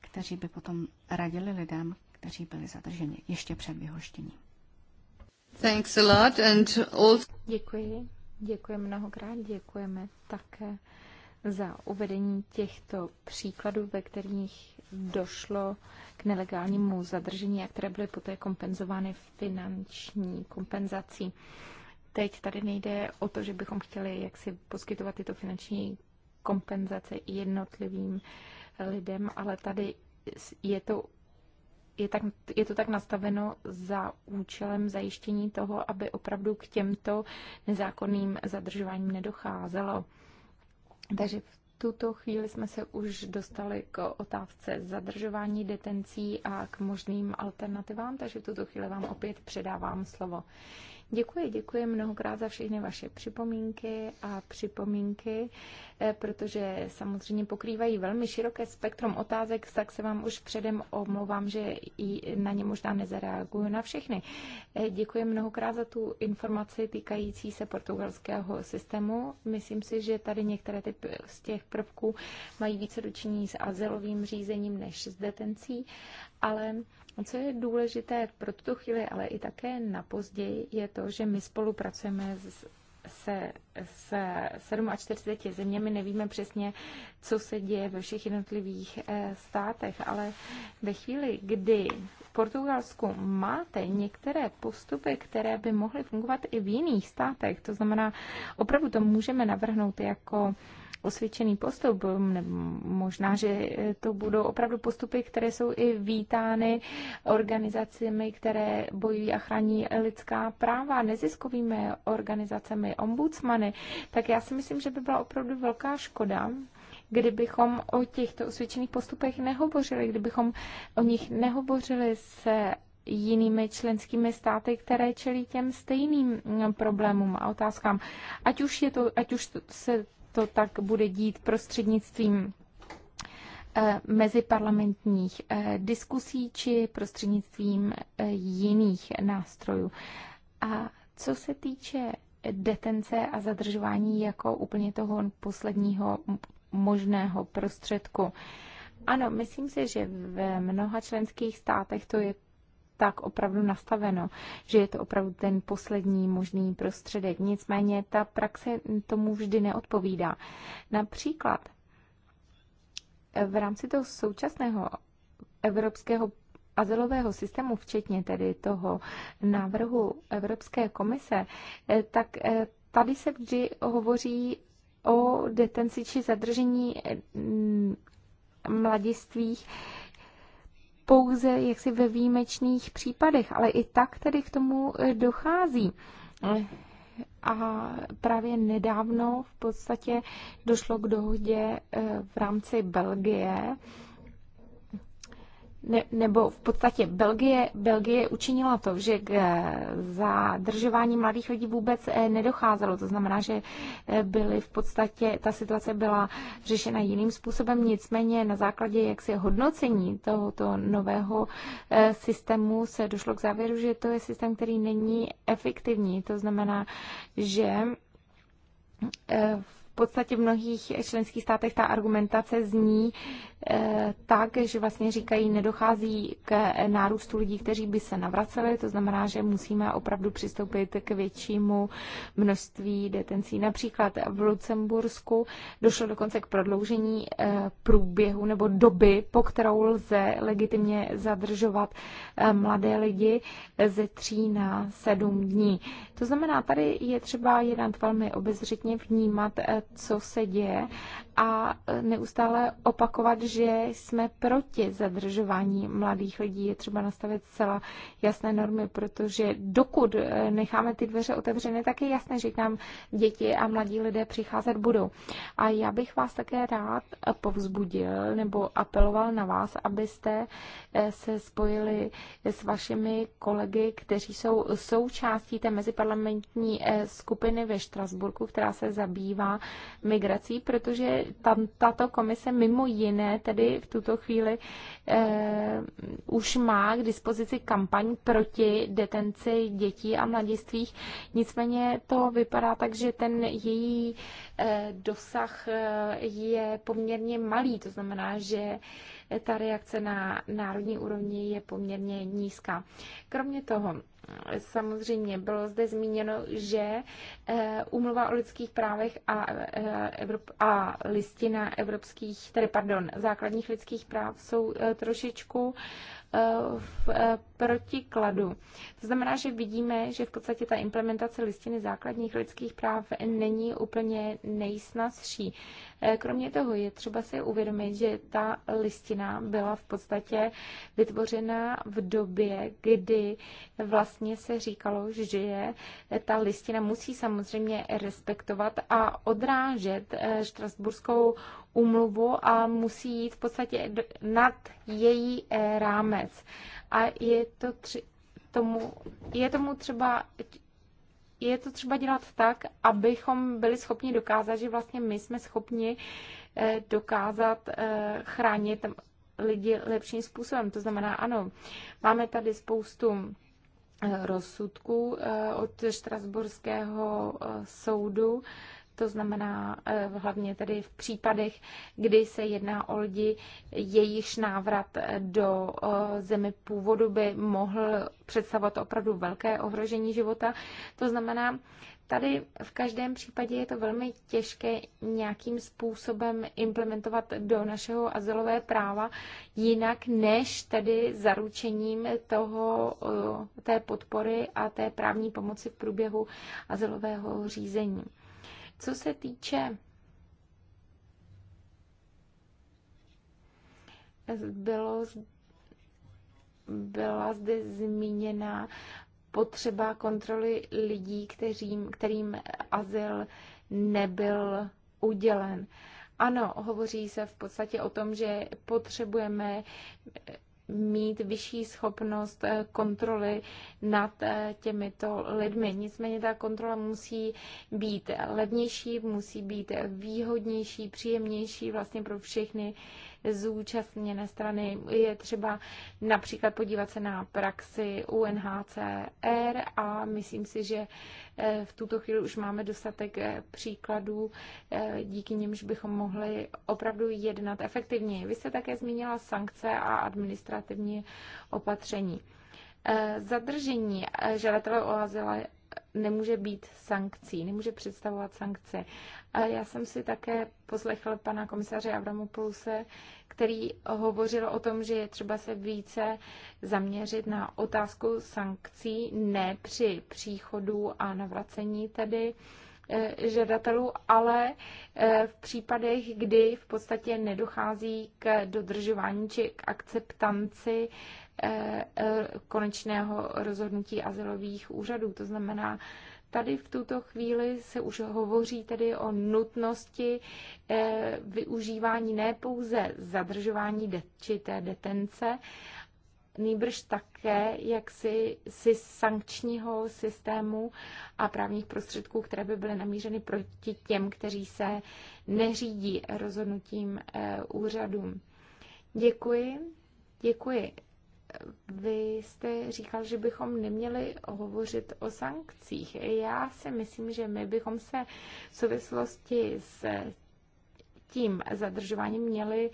kteří by potom radili lidem, kteří byli zadrženi ještě před vyhoštěním. Thanks a lot and also. Děkuji. Děkuji mnohokrát. Děkujeme také za uvedení těchto příkladů, ve kterých došlo k nelegálnímu zadržení a které byly poté kompenzovány finanční kompenzací. Teď tady nejde o to, že bychom chtěli jaksi poskytovat tyto finanční kompenzace jednotlivým lidem, ale tady je to je, tak, je to tak nastaveno za účelem zajištění toho, aby opravdu k těmto nezákonným zadržováním nedocházelo. Takže v tuto chvíli jsme se už dostali k otázce zadržování detencí a k možným alternativám, takže v tuto chvíli vám opět předávám slovo. Děkuji, děkuji mnohokrát za všechny vaše připomínky a připomínky Eh, protože samozřejmě pokrývají velmi široké spektrum otázek, tak se vám už předem omlouvám, že i na ně možná nezareaguju na všechny. Eh, děkuji mnohokrát za tu informaci týkající se portugalského systému. Myslím si, že tady některé ty z těch prvků mají více dočinění s azylovým řízením než s detencí, ale co je důležité pro tuto chvíli, ale i také na později, je to, že my spolupracujeme s se s 47 zeměmi nevíme přesně, co se děje ve všech jednotlivých eh, státech, ale ve chvíli, kdy v Portugalsku máte některé postupy, které by mohly fungovat i v jiných státech, to znamená, opravdu to můžeme navrhnout jako osvědčený postup. Možná, že to budou opravdu postupy, které jsou i vítány organizacemi, které bojují a chrání lidská práva, neziskovými organizacemi, ombudsmany. Tak já si myslím, že by byla opravdu velká škoda, kdybychom o těchto osvědčených postupech nehovořili, kdybychom o nich nehovořili se jinými členskými státy, které čelí těm stejným problémům a otázkám. Ať už, je to, ať už se to tak bude dít prostřednictvím eh, meziparlamentních eh, diskusí či prostřednictvím eh, jiných nástrojů. A co se týče detence a zadržování jako úplně toho posledního možného prostředku. Ano, myslím si, že v mnoha členských státech to je tak opravdu nastaveno, že je to opravdu ten poslední možný prostředek. Nicméně ta praxe tomu vždy neodpovídá. Například eh, v rámci toho současného evropského azylového systému, včetně tedy toho návrhu Evropské komise, eh, tak eh, tady se vždy hovoří o detenci či zadržení mladistvých pouze jaksi ve výjimečných případech, ale i tak tedy k tomu eh, dochází. Eh, a právě nedávno v podstatě došlo k dohodě eh, v rámci Belgie, ne, nebo v podstatě Belgie, Belgie učinila to, že k eh, zadržování mladých lidí vůbec eh, nedocházelo. To znamená, že eh, byly v podstatě, ta situace byla řešena jiným způsobem, nicméně na základě jaksi hodnocení tohoto nového systému se došlo k závěru, že to je systém, který není efektivní. To znamená, že v podstatě v mnohých členských státech ta argumentace zní, Eh, tak, že vlastně říkají, nedochází k nárůstu lidí, kteří by se navraceli, to znamená, že musíme opravdu přistoupit k většímu množství detencí. Například v Lucembursku došlo dokonce k prodloužení eh, průběhu nebo doby, po kterou lze legitimně zadržovat eh, mladé lidi ze tří na sedm dní. To znamená, tady je třeba jednat velmi obezřetně vnímat, co se děje a neustále opakovat, že jsme proti zadržování mladých lidí. Je třeba nastavit celá jasné normy, protože dokud eh, necháme ty dveře otevřené, tak je jasné, že k nám děti a mladí lidé přicházet budou. A já bych vás také rád povzbudil nebo apeloval na vás, abyste eh, se spojili s vašimi kolegy, kteří jsou součástí té meziparlamentní eh, skupiny ve Štrasburku, která se zabývá migrací, protože tam, tato komise mimo jiné tedy v tuto chvíli eh, už má k dispozici kampaň proti detenci dětí a mladistvých. Nicméně to vypadá tak, že ten její eh, dosah eh, je poměrně malý, to znamená, že ta reakce na národní úrovni je poměrně nízká. Kromě toho, Samozřejmě bylo zde zmíněno, že eh, úmluva o lidských právech a, eh, Evrop, a listina evropských, tedy pardon, základních lidských práv jsou eh, trošičku v protikladu. To znamená, že vidíme, že v podstatě ta implementace listiny základních lidských práv není úplně nejsnazší. Kromě toho je třeba si uvědomit, že ta listina byla v podstatě vytvořena v době, kdy vlastně Vlastně se říkalo, že eh, ta listina musí samozřejmě respektovat a odrážet eh, Štrasburskou umluvu a musí jít v podstatě nad její eh, rámec. A je to tři, tomu, je tomu třeba je to třeba dělat tak, abychom byli schopni dokázat, že vlastně my jsme schopni dokázat chránit lidi lepším způsobem. To znamená, ano, máme tady spoustu rozsudku eh, od Štrasburského eh, soudu, to znamená eh, hlavně tedy v případech, kdy se jedná o lidi, jejichž návrat do zemi původu by mohl představovat opravdu velké ohrožení života. To znamená, Tady v každém případě je to velmi těžké nějakým způsobem implementovat do našeho azylové práva jinak než tedy zaručením toho, eh, té podpory a té právní pomoci v průběhu azylového řízení. Co se týče bylo byla zde zmíněna potřeba kontroly lidí, kterým, kterým azyl nebyl udělen. Ano, hovoří se v podstatě o tom, že potřebujeme mít vyšší schopnost kontroly nad těmito lidmi. Nicméně ta kontrola musí být levnější, musí být výhodnější, příjemnější vlastně pro všechny zúčastněné strany. Je třeba například podívat se na praxi UNHCR a myslím si, že eh, v tuto chvíli už máme dostatek eh, příkladů, eh, díky nimž bychom mohli opravdu jednat efektivněji. Vy jste také zmínila sankce a administrativní opatření. Zadržení žadatele o azyl nemůže být sankcí, nemůže představovat sankce. A já jsem si také poslechl pana komisaře Avramopoulse, který hovořil o tom, že je třeba se více zaměřit na otázku sankcí, ne při příchodu a navracení tedy eh, žadatelů, ale eh, v případech, kdy v podstatě nedochází k dodržování či k akceptanci Eh, eh, konečného rozhodnutí azylových úřadů. To znamená, tady v tuto chvíli se už hovoří tedy o nutnosti eh, využívání ne pouze zadržování de- či té detence, nýbrž také jaksi si sankčního systému a právních prostředků, které by byly namířeny proti těm, kteří se neřídí rozhodnutím úřadům. Děkuji. Děkuji vy jste říkal, že bychom neměli hovořit o sankcích. Já si myslím, že my bychom se v souvislosti s tím zadržováním měli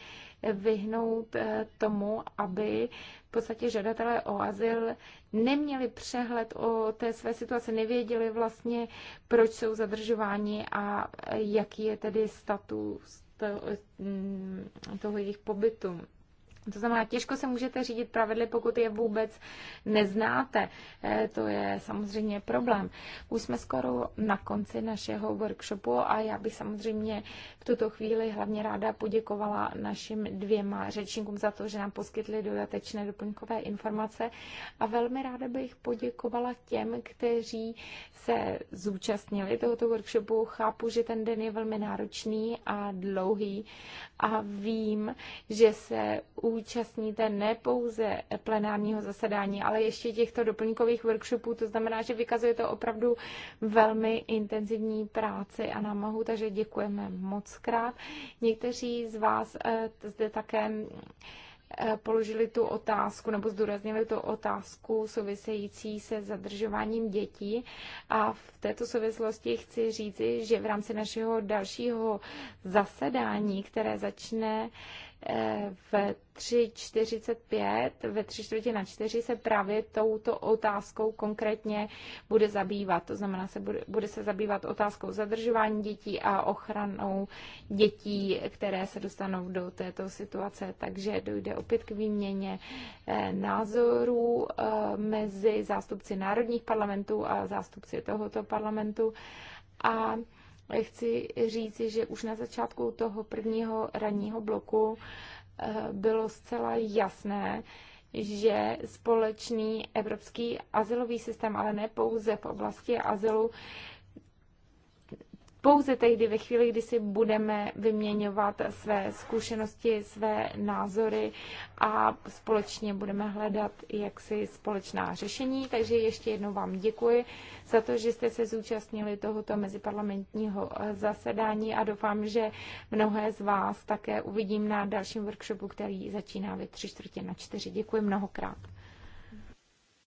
vyhnout eh, tomu, aby v podstatě žadatelé o azyl neměli přehled o té své situaci, nevěděli vlastně, proč jsou zadržováni a jaký je tedy status toho, mm, toho jejich pobytu. To znamená, těžko se můžete řídit pravidly, pokud je vůbec neznáte. Eh, to je samozřejmě problém. Už jsme skoro na konci našeho workshopu a já bych samozřejmě v tuto chvíli hlavně ráda poděkovala našim dvěma řečníkům za to, že nám poskytli dodatečné doplňkové informace a velmi ráda bych poděkovala těm, kteří se zúčastnili tohoto workshopu. Chápu, že ten den je velmi náročný a dlouhý a vím, že se u účastníte ne pouze plenárního zasedání, ale ještě těchto doplňkových workshopů. To znamená, že vykazuje to opravdu velmi intenzivní práci a námahu, takže děkujeme moc krát. Někteří z vás eh, zde také mm, eh, položili tu otázku nebo zdůraznili tu otázku související se zadržováním dětí. A v této souvislosti chci říci, že v rámci našeho dalšího zasedání, které začne v 3.45, ve 3 čtvrtě na 4 se právě touto otázkou konkrétně bude zabývat. To znamená, se bude, bude se zabývat otázkou zadržování dětí a ochranou dětí, které se dostanou do této situace. Takže dojde opět k výměně eh, názorů eh, mezi zástupci národních parlamentů a zástupci tohoto parlamentu. A chci říci, že už na začátku toho prvního ranního bloku eh, bylo zcela jasné, že společný evropský azylový systém, ale ne pouze v oblasti azylu, pouze tehdy ve chvíli, kdy si budeme vyměňovat své zkušenosti, své názory a společně budeme hledat jaksi společná řešení. Takže ještě jednou vám děkuji za to, že jste se zúčastnili tohoto meziparlamentního eh, zasedání a doufám, že mnohé z vás také uvidím na dalším workshopu, který začíná ve tři čtvrtě na čtyři. Děkuji mnohokrát.